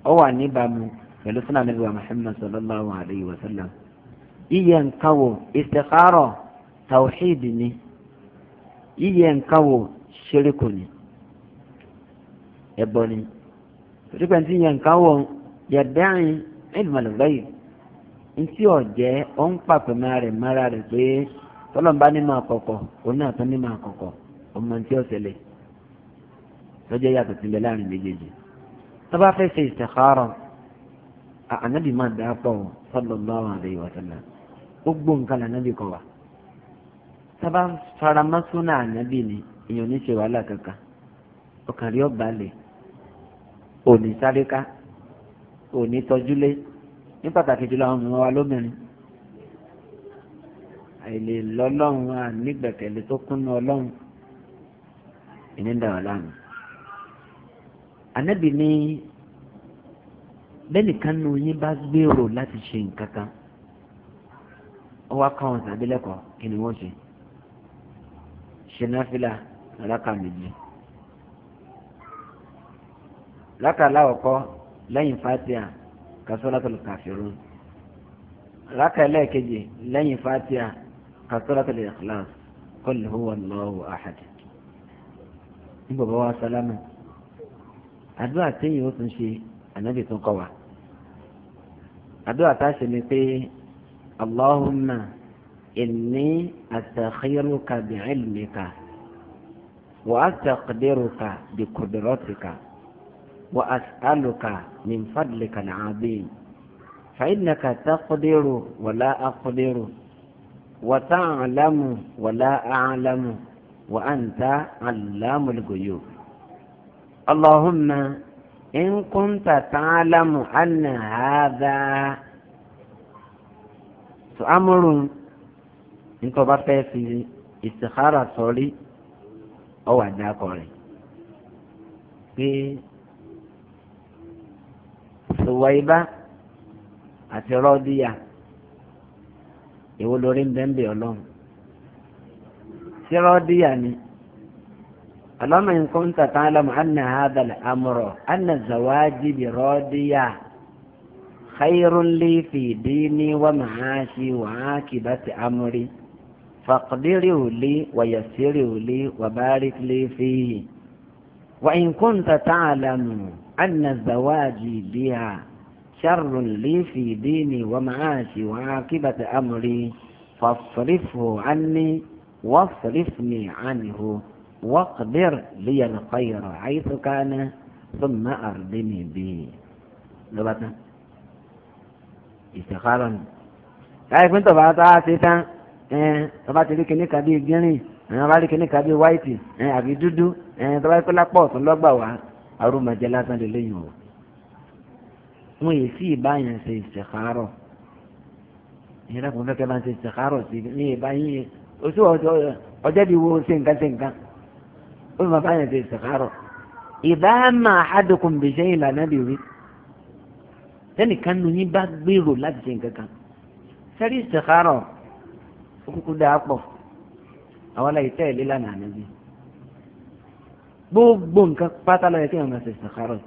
S1: ó wà níbàámu pẹ̀lú sunnah Nabi Muhammad sallallahu alayhi wa sallam yíyẹ nǹkan wò istikhara tawhid ni yíyẹ nǹkan wò ni ẹ̀bọ ni torí pẹ̀lú yíyẹ nǹkan yẹ dáhìn ilmu al-ghaib ntí ọ̀jẹ́ ó ń pàpẹ́ máa rẹ̀ mára rẹ̀ pé tọ́lọ́mbá ní máa kọ̀kọ̀ òun náà tán ní máa kọ̀kọ̀ ọmọ ntí ọ̀sẹ̀lẹ̀ lọ́jọ́ yàtọ̀ sílẹ̀ láàrin méjèèjì tó bá fẹ́ ṣe istikhara ànábì máa dà á pọ̀ sallallahu alaihi wa sallam gbogbo nǹkan ànábì kọ̀ wá tó bá ànábì ni èèyàn ní ṣe wàhálà kankan ọkàn rí ọ̀bàlẹ̀ òní sáré ká òní tọ́júlé ní pàtàkì jùlọ àwọn ọmọ wa lóbìnrin àìlè lọ́lọ́run à nígbẹ̀kẹ̀lé tó kúnná ọlọ́run ìní ń dàrọ̀ láàmú. ànábì ní lẹ́nìkan nu yín bá gbèrò láti ṣe nǹkan kan ó wá káwọn sàbí lẹ́kọ̀ọ́ kí ni wọ́n ṣe ṣe náfìlà rákà méjì rákà láwọ̀kọ́ lẹ́yìn fatia kasolatul kafirun raka ẹlẹ́ẹ̀kejì lẹ́yìn fatia kasolatul ikhlas qul huwa allahu ahad ní bàbá wa sálámù àdúrà téèyàn ó tún ṣe ànábì tún kọ́ wa àdúrà tá a ṣe ni pé allahumma inni astakhiruka bi ilmika wa astaqdiruka bi qudratika. وأسألك من فضلك العظيم فإنك تقدر ولا أقدر وتعلم ولا أعلم وأنت علام الغيوب اللهم إن كنت تعلم أن هذا أمر أنت بقى في استخارة صلي أو أداك Suwaiba àti Rọ́díyà èwo lórí ń bẹ́ ń اللهم إن كنت تعلم أن هذا الأمر أن الزواج برادية خير لي في ديني ومعاشي وعاقبة أمري فاقدره لي ويسره لي وبارك لي فيه وإن كنت تعلم أن زواجي بها شر لي في ديني ومعاشي وعاقبة أمري فاصرفه عني واصرفني عنه واقدر لي الخير حيث كان ثم أردني به لبطا استخارا láì pín tọ̀bà tá a ṣe tán tọ́ba ti rí kíní kan bíi gírin tọ́ba rí kíní kan bíi wáìtì àbí arúmọjẹ lásán lè léyìn o wọn yìí sí ìbáyàn ṣe ìṣèkárọ ìyẹn kò fẹ́ kẹ́ bá ń ṣe ìṣèkárọ sí ní ìbáyìn oṣù ọjọ́ bí wo ṣe nǹkan ṣe nǹkan ó fi máa báyàn ṣe ìṣèkárọ ìbáàmà àdókùn bìṣẹ́ ìlànà bí wí tẹnìkan nu yín bá gbèrò láti ṣe nǹkan kan sẹ́rí ìṣèkárọ ó kúkú dáa pọ̀ àwọn aláìsẹ́ ìlélànà ànábì gbogbo nǹkan pátá lọ́yẹ kí ọmọ ẹsẹ̀ sàkárọ̀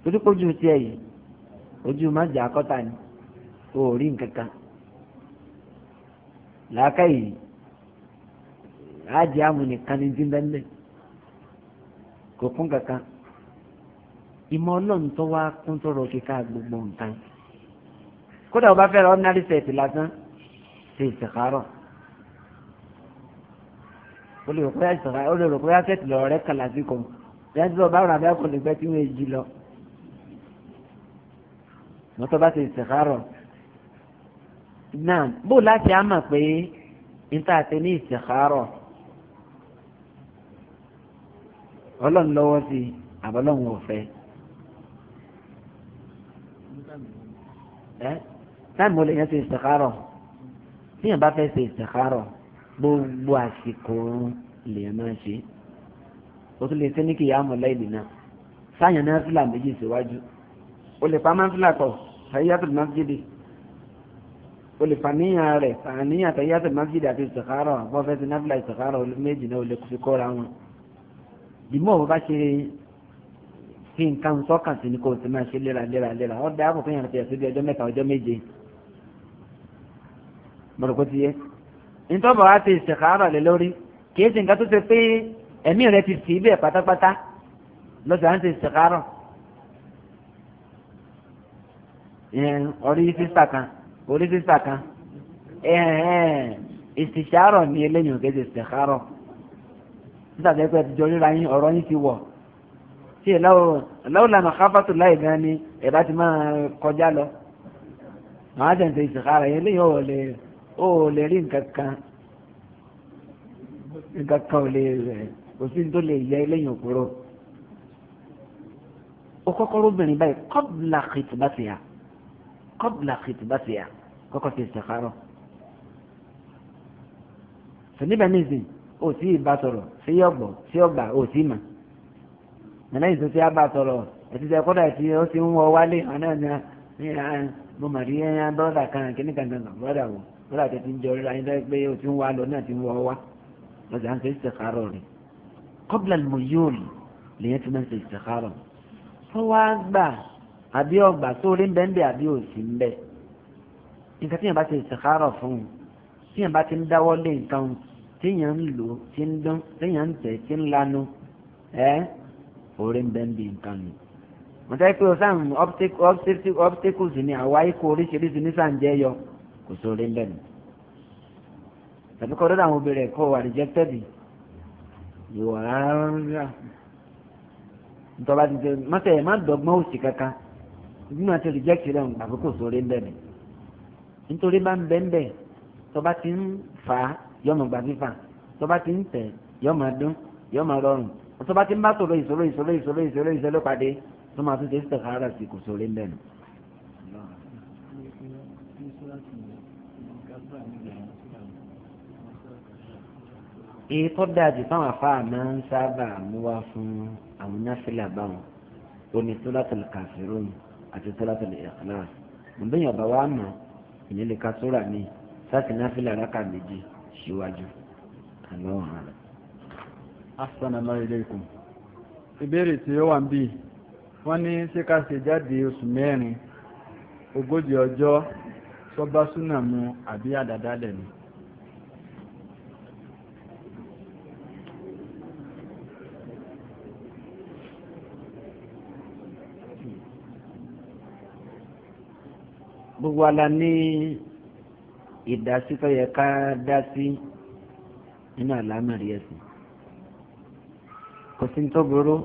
S1: torí pé ojú tiẹ̀ yìí ojú má jà kọ́ta ni o ò rí nǹkan kan làákà yìí àjẹ́ àmú nìkan ní díndẹ́ndẹ́ kò kún kankan ìmọ̀ ọlọ́run tó wá kún tó rọ kíkà gbogbo nǹkan kódà ọba fẹ́ràn ordinary set lásán ṣe ìsàkárọ̀ o lè rò pé àìsàn o lè rò pé akẹ́tì lọ rẹ kàlà sí kan yẹn tó bá rà bẹ́ẹ̀ kò lè gbẹ́ tí wọ́n èjì lọ. mọ́tò bá ti ìsìkárọ̀ náà bó láti á mọ̀ pé níta àti ní ìsìkárọ̀ ọlọ́run lọ́wọ́ sí i àbọ̀lọ́run ò fẹ́. táìmù olè yẹn ti ìsìkárọ̀ tíyẹn bá fẹ́ ṣe ìsìkárọ̀ gbogbo àsìkò lèèyàn máa ṣe o tún lè ṣe ní kìyà mọ̀ lẹ́yìn náà sáyẹn náà fìlà méjì síwájú o lè pa máfìlà pọ̀ tàyíyàtọ̀ máfìdì o lè fàníyàn rẹ̀ fàníyàn tàyíyàtọ̀ máfìdì àti ìsìkárọ̀ bọ́fẹ́sì náfìlà ìsìkárọ̀ méjì náà o lè fi kóra wọn. dìmọ̀ bó bá ṣe fi nǹkan sọ́kàn sí ni kò sì máa ṣe léraléraléra ọ̀ dáàbò fún yàrá tẹ̀síbi ọjọ́ mẹ́ta ọjọ́ méje mọ̀rọ̀kọ́ ti yẹ ntọ́bọ̀ wa ti istikhara lé lórí kì í ṣe nǹkan tó ṣe pé ẹ̀mí rẹ ti sì í bẹ̀ pátápátá lọ́sọ̀ à ń ṣe istikhara. orí sísà kan orí sísà kan istikhara ní eléyìí òkè ṣe istikhara sísà tó yẹ pé ẹ ti jọ ríra yín ọ̀rọ̀ yín ti wọ̀ tí ìlàwọ̀ lànà láì gan ni ẹ̀dá ti máa kọjá lọ màá jẹ́ ń ṣe istikhara yẹn eléyìí ò lè ó lè rí nǹkan kan nǹkan kan ò lè rẹ̀ kò sí tó lè yẹ lẹ́yìn òkúrò ó kọ́kọ́ róbìnrin báyìí kọ́bùlà kìtìbásíà kọ́bùlà kìtìbásíà kọ́kọ́ fi ṣèkárọ̀ sọ̀níbẹ̀ nísìn ó sì bá sọ̀rọ̀ sí ọ̀gbọ̀ sí ọ̀gbà ó sì mà nàlẹ́ yìí tó ti bá sọ̀rọ̀ ẹ̀sì tẹ kọ́dà tí ó ti ń wọ wálé àná ni mo mà rí ẹ̀yán bọ́dà kan kìnnìkan kan bọ́dà wò kódà tó ti ń jọ ríra yín lọ́wọ́ pé o ti ń wá lọ náà ti ń wọ́ wá lọ́sẹ̀ à ń ṣe ìṣèkárọ̀ rẹ̀ kọ́bílà ni mo yóò rí lèyìn tí mo ń ṣe ìṣèkárọ̀ fún wa gbà àbí ọgbà sórí ń bẹ́ ń bẹ́ àbí òsì ń bẹ́ nǹkan tí yẹn bá ṣe ìṣèkárọ̀ fún un tí yẹn bá ti ń dáwọ́ lé nǹkan tí yẹn ń lò tí ń dán tí yẹn ń tẹ̀ tí ń lanu ẹ́ orí ń bẹ́ ń bẹ́ nǹkan kò sóore ń bẹ̀rù tàbí kọ́ lọ́dọ̀ àwọn obìnrin ẹ̀kọ́ wà rejected ìwà rárá ntọ́ba ti tẹ mọ́tẹ́ má dọ́gbọ́n òsì kankan bí wọ́n ti reject rẹ̀ ń gbàgbé kò sóore ń bẹ̀rù nítorí bá ń bẹ́ ń bẹ̀ tọ́ba ti ń fà á yọmọ gbà fífà tọ́ba ti ń tẹ̀ yọmọ dún yọmọ rọrùn tọ́ba ti ń bá sọ̀rọ̀ ìṣòro ìṣòro ìṣòro
S2: èyí tó dáa jù fáwọn
S1: afáà máa ń sábà mú wá fún àwọn báwọn oní suratul kafirun àti suratul ikhlas ọ̀bẹ́yìn ọ̀bá wa mọ̀
S2: ìyẹn lè ka sóra mi sáàtì náfìlà rákà méjì síwájú àlọ́ ọ̀hán rẹ̀. assalamu alaikum ìbéèrè tí ó wà ń bì wọ́n ní ṣé ká ṣe jáde oṣù mẹ́rin ogójì ọjọ́ sọ́básúnà mu àbí àdàdálẹ̀ ni.
S1: gbogbo ala ní ìdásí tó yẹ ká dá sí nínú àlámọ̀rí ẹ̀sìn kò sí ní tó burú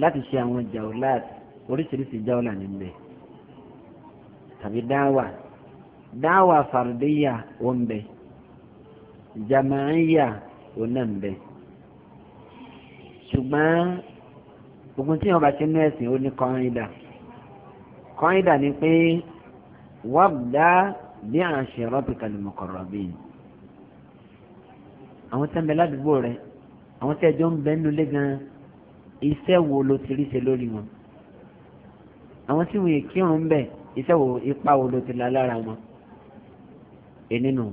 S1: láti ṣe àwọn jàùláàt oríṣiríṣi jàùlà níbẹ̀ tàbí dáwà dáwà fàrdíyà ó ń bẹ jàmáyà ó náà ń bẹ ṣùgbọ́n ogun tí wọn bá ti ní ẹ̀sìn ó ní kọ́ńdà kọ́ńdà ni pé wàbdá bí ashiratika al-muqarrabin àwọn tẹ́ ń bẹ ládùúgbò rẹ àwọn tẹ́ ẹjọ́ ń bẹ nínú ilé gan iṣẹ́ wo ló ti rí ṣe lórí wọn àwọn tí wọ́n kírun ń bẹ iṣẹ́ wo ipa wo ló ti la lára wọn ẹnìnú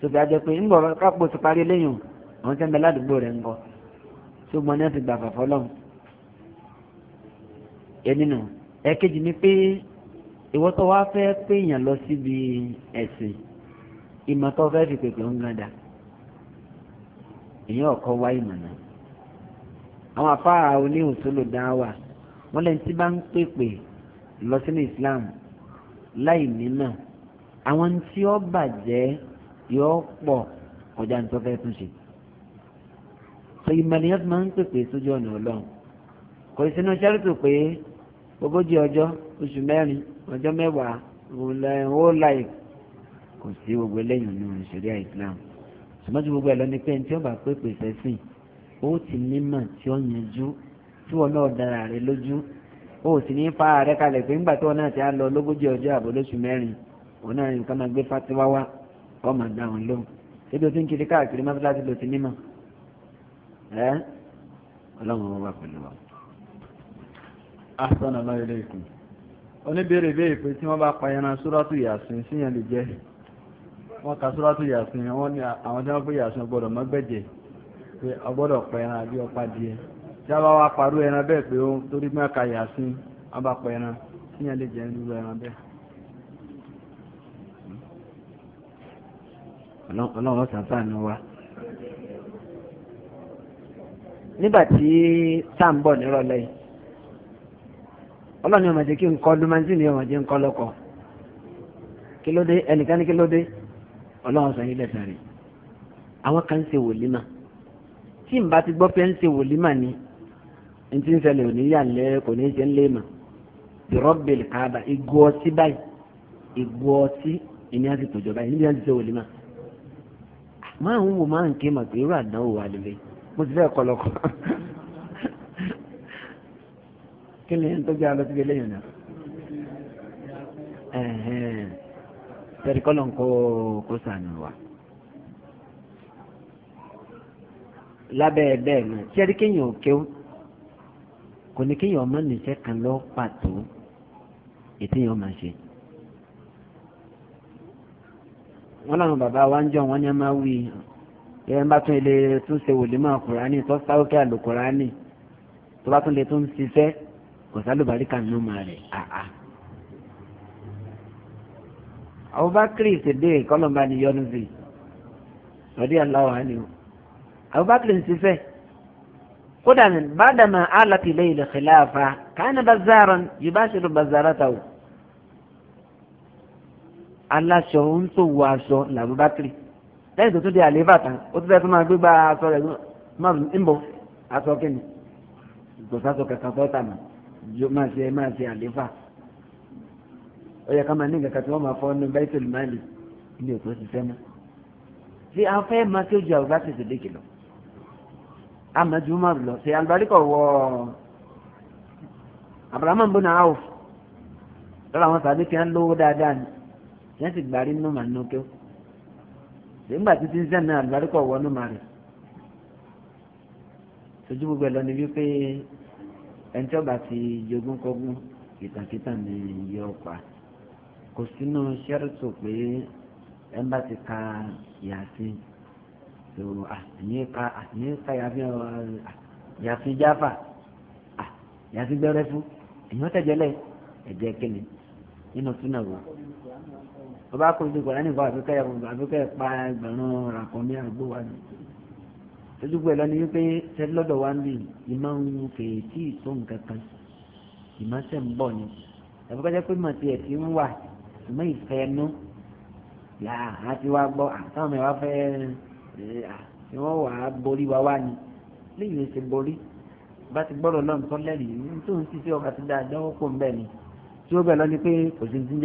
S1: tóbi ajẹ́ pé ńgbọ̀ kápò ti parí lẹ́yìn àwọn tẹ́ ń bẹ ládùúgbò rẹ ńgọ ṣùgbọ́n ní wọ́n ti gbà fàfọ́ lọ́hùn ẹnìnú ẹ̀kejì ni pé ìwọ tó wá fẹ́ péyàn lọ síbi ẹ̀sìn ìmọ̀ tó fẹ́ fi pèpè ń gàdà èyàn ọ̀kọ́ wá ìmọ̀ náà àwọn afárá oníhùsùlù dáwà wọ́n lẹ́yìn tí bá ń pèpè lọ sínú Islam láì nímọ̀ àwọn tí ó bàjẹ́ yóò pọ̀ kọjá ní tó fẹ́ tún ṣe so ìmọ̀ nìyẹn tó máa ń pèpè sójú ọ̀nà ọlọ́run kò sí sẹ́rìtù pé ogójì ọjọ́ oṣù mẹ́rin ọjọ́ mẹ́wàá whole life kò sí gbogbo eléyìí nínú ìṣẹ̀rí Islam ṣùgbọ́n tí gbogbo ẹ̀ lọ ni pé tí ó bá pé pèsè sí ó ti nímọ̀ tí ó yanjú tí wọn náà dára rẹ lójú ó sì ní fa ààrẹ kalẹ̀ pé ńgbà tí wọn náà ti á lọ lógójì ọjọ́ àbọ̀ lóṣù mẹ́rin òun náà nǹkan máa gbé fatiwa wá ọ máa dá wọn lóhùn ebi o ti ń kiri káàkiri mọ́tíláṣí ló ti nímọ̀ ẹ́ ọlọ́run ọba pẹ̀lú wa.
S2: ahsana Allah ilaykum oníbèrè béèrè pé tí wọ́n bá pa ẹran súrátù yàsìn síyàn lè jẹ́ wọ́n ka súrátù yàsìn wọ́n ní àwọn tí wọ́n pé yàsìn ọgbọ́dọ̀ mọ́gbẹ̀jẹ̀ pé ọgbọ́dọ̀ pa ẹran ọpa díẹ̀ tí a bá wá parú ẹran bẹ́ẹ̀ pé ó torí ka yàsìn wọ́n bá pa síyàn lè jẹ́ nínú ẹran bẹ́ẹ̀.
S1: ọlọ́run sàǹfà ni ọlọ́ni ọmọ jẹ́ kí n kọ́ lumanzini ọmọ jẹ́ n kọ́ lọ́kọ́ kí ló dé ẹnìkan ní kí ló dé ọlọ́run sọ yín lẹ́sẹ̀ àwọn kan ń ṣe wòlímà tí n bá ti gbọ́ pé ń ṣe wòlímà ni n ti ń ṣẹlẹ̀ òní yà ń lẹ́ kò ní í ṣe ń lé mà bìrọ́bìlì káàbà ìgò ọtí báyìí ìgò ọtí ìní àti tòjọ báyìí níbi àti ṣe wòlímà máa ń wò máa ń ké mà irú àdánwò wà lélẹ̀ mo ti fẹ́ kọ́ lọ́kọ́ kí ni tó gbé alọ́ síbi eléyìí náà tẹ̀rí kọ́lọ̀ ń kó kó sànù wa. lábẹ́ ẹ̀bẹ́ náà tẹ́rí kéèyàn ò kéwú kò ní kéèyàn ọmọ nìṣẹ́ kan lọ́ pàtó ètí yẹn máa ṣe. wọ́n láwọn bàbá wa ń jọ wọ́n ní a máa wí ẹ bá tún ilé tún ṣe wòlímọ̀ kùránì tó sáwókè àlùkùránì tó bá tún lè tún ṣiṣẹ́ kò sálùbáríkà nínú ọmọ rẹ̀ àá. Abubakar ìṣèdè kọlọmba ni yọnu sí lọdí aláwọ àni o Abubakar ń ṣiṣẹ́ kódà ní bàdàmà alàtìlẹ ilẹ̀ khilafa kàánà bazaran yìí bá ṣe lọ bazara ta o aláṣọ ń tó wọ aṣọ làbúbákiri lẹ́yìn tó tún di àléébà tán ó tún fẹ́ tó máa gbégbá aṣọ rẹ̀ máa ń bọ̀ aṣọ kínní gbọ̀sásọ kẹsàn-án tó tà mọ́ jo máa ṣe máa ṣe àléfà ó yẹ ká máa ní kankan tí wọ́n máa fọ́ ní baitul mali ní òkú ṣiṣẹ́ mọ́ ṣé a fẹ́ máa tó ju àwùjọ àti ìṣèlékè lọ amadu umaru lọ ṣe alùbáríkọ̀ wọ abrahamu bọ́nà áwò lọ́la wọn sàbí kí wọ́n lówó dáadáa ni kí wọ́n sì gbàrí nínú màá nínú kí ó ṣe ń gbà títí sẹ́ni alùbáríkọ̀ wọ nínú màá rẹ̀ sojú gbogbo ẹ̀ lọ ni wípé ẹni tí ó bá ti jogún kọ́gún kìtàkìtà ni yóò pa kò sínú ṣẹ́rìtò pé ẹ bá ti ka yàtí tó àtìyẹ ka àtìyẹ ka yàtí yàtí jáfà yàtí gbẹrẹfú èèyàn tẹ̀jẹ̀lẹ̀ ẹ̀jẹ̀ kẹ́lẹ̀ nínú túnà wò ọba kò ní kò lánìí kọ́ àbíkẹ́ àbíkẹ́ pa ẹgbẹ̀rún ràkọ́mí àgbò wájú tójú pẹ̀lú ẹni wípé tẹ́lọ́dọ̀ wa ń bì ìmọ̀ ń fèétí ìtó nǹkan kan ìmọ̀ tẹ̀ ń bọ̀ ni ẹ̀fọ́ bá jẹ́ pé mọ̀ tiẹ̀ ti ń wà ìmọ̀ ìfẹ́ ẹnu yà á ti wá gbọ́ àtàwọn ẹ̀wá fẹ́ ẹ̀ wọ́n wà á borí wa wá ni léyìn ẹsẹ̀ borí bá ti gbọ́dọ̀ náà nǹkan lẹ́rìí ní tóun sì sí ọkà ti dá àdánwò pò ń bẹ̀ ni tí ó bẹ̀ lọ ni pé kò sí ti ń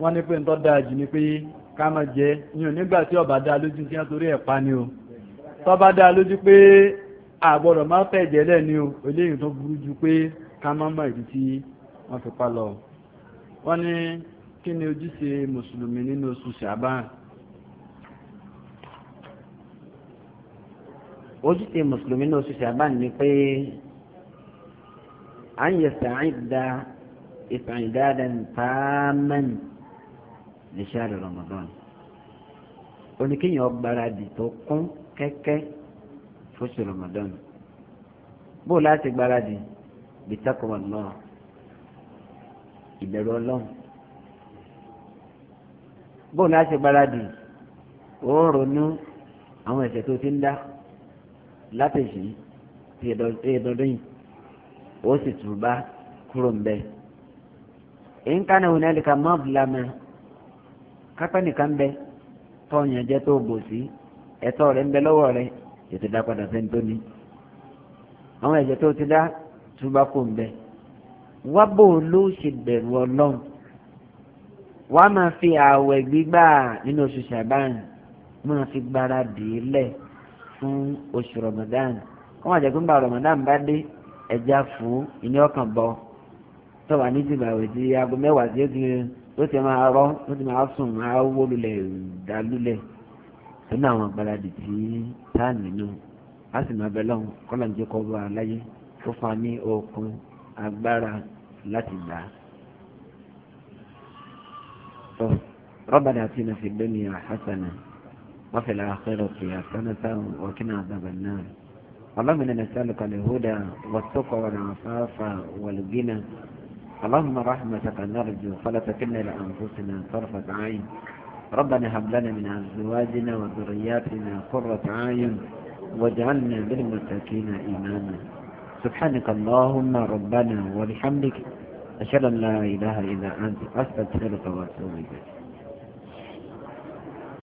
S2: wọ́n ní pé ntọ́ dáa jù ni pé ká máa jẹ ní onígbà tí ọba dáa lójú kí wọ́n torí ẹ̀ pa ni o tọ́ba dáa lójú pé àgbọ̀dọ̀ máa fẹ́ jẹ́ lẹ́ni o eléyìí tó burú ju pé ká máa mọ ìdí tí wọ́n fi pa lọ. wọ́n ní kí ni ojúṣe mùsùlùmí nínú oṣù ṣàbán.
S1: ojúṣe mùsùlùmí nínú oṣù ṣàbán ni pé à ń yẹ sàáìdá ìsàìdáadáa tààmẹ́ni ní sáré Ramadan oníkéèyàn gbáradì tó kún kẹ́kẹ́ fóṣù Ramadan bó láti gbáradì bí takọ̀wá náà ìbẹ̀rù ọlọ́run bó láti gbáradì ó ronú àwọn ẹ̀ṣẹ̀ tó ti ń dá látẹ̀sí ti ẹ̀dọ́dún yìí ó sì tún bá kúrò ń bẹ́ẹ̀. in kana hunalika madlama kápẹ́ nìkan bẹ tọ́yàn jẹ́ tó bò sí ẹ̀tọ́ rẹ̀ ń bẹ lọ́wọ́ rẹ̀ ètò ìdá padà fẹ́ ń tó ní. àwọn ẹ̀jẹ̀ tó ti dá túbá kò ń bẹ. wá bò ló ṣe bẹ̀rù ọlọ́run wá máa fi ààwẹ̀ gbígbà nínú oṣù ṣàbán máa fi gbára dì í lẹ̀ fún oṣù rọ̀mọ̀dán kọ́ máa jẹ́ pé nígbà rọ̀mọ̀dán bá dé ẹja fún ìní ọkàn bọ tọ́wà ní ti bàwẹ̀ sí aago mẹ́wàá sí ó ló ti máa rọ ló ti máa sùn máa wó lulẹ̀ dálúlẹ̀ sínú àwọn àgbàládì tí tá nínú a sì máa bẹ lọ́hùn kọ́lá ní kọ́ bá a láyé tó fa ní okun agbára láti gbà á. ربنا اتنا في الدنيا حسنه وفي الاخره حسنه وقنا عذاب النار اللهم انا نسالك الهدى والتقى والعفاف والغنى اللهم رحمتك نرجو فلا تكلنا إلى أنفسنا طرفة عين ربنا هب لنا من أزواجنا وذرياتنا قرة عين واجعلنا للمتقين إيمانا سبحانك اللهم ربنا وبحمدك أشهد أن لا إله إلا أنت أستغفرك وأتوب إليك